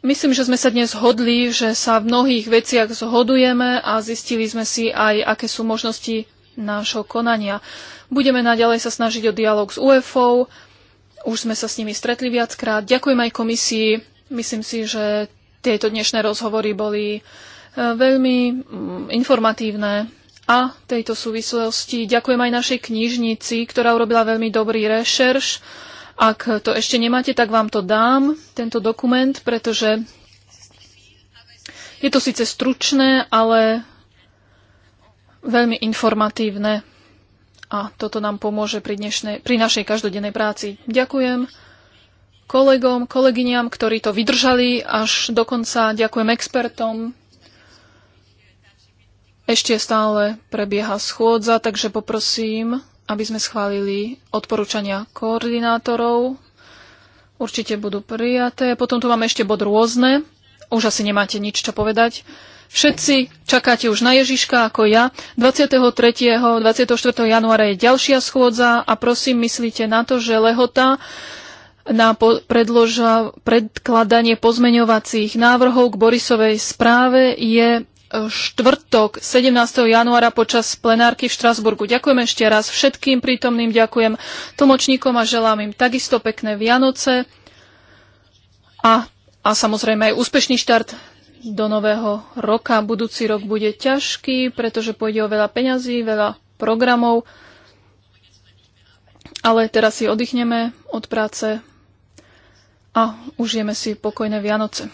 [SPEAKER 1] myslím, že sme sa dnes zhodli, že sa v mnohých veciach zhodujeme a zistili sme si aj, aké sú možnosti nášho konania. Budeme naďalej sa snažiť o dialog s UFO, už sme sa s nimi stretli viackrát. Ďakujem aj komisii Myslím si, že tieto dnešné rozhovory boli e, veľmi informatívne a tejto súvislosti ďakujem aj našej knižnici, ktorá urobila veľmi dobrý rešerš. Ak to ešte nemáte, tak vám to dám, tento dokument, pretože je to síce stručné, ale veľmi informatívne. A toto nám pomôže pri, dnešnej, pri našej každodennej práci. Ďakujem kolegom, kolegyňam, ktorí to vydržali až do konca. Ďakujem expertom. Ešte stále prebieha schôdza, takže poprosím, aby sme schválili odporúčania koordinátorov. Určite budú prijaté. Potom tu máme ešte bod rôzne. Už asi nemáte nič čo povedať. Všetci čakáte už na Ježiška ako ja. 23. 24. januára je ďalšia schôdza a prosím myslíte na to, že lehota na po- predloža- predkladanie pozmeňovacích návrhov k Borisovej správe je e, štvrtok 17. januára počas plenárky v Štrasburgu. Ďakujem ešte raz všetkým prítomným, ďakujem tlmočníkom a želám im takisto pekné Vianoce a, a samozrejme aj úspešný štart do nového roka. Budúci rok bude ťažký, pretože pôjde o veľa peňazí, veľa programov, ale teraz si oddychneme od práce a užijeme si pokojné Vianoce.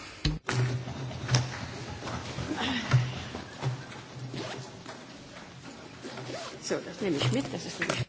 [SPEAKER 1] So, das nehme ich mit, das ist nämlich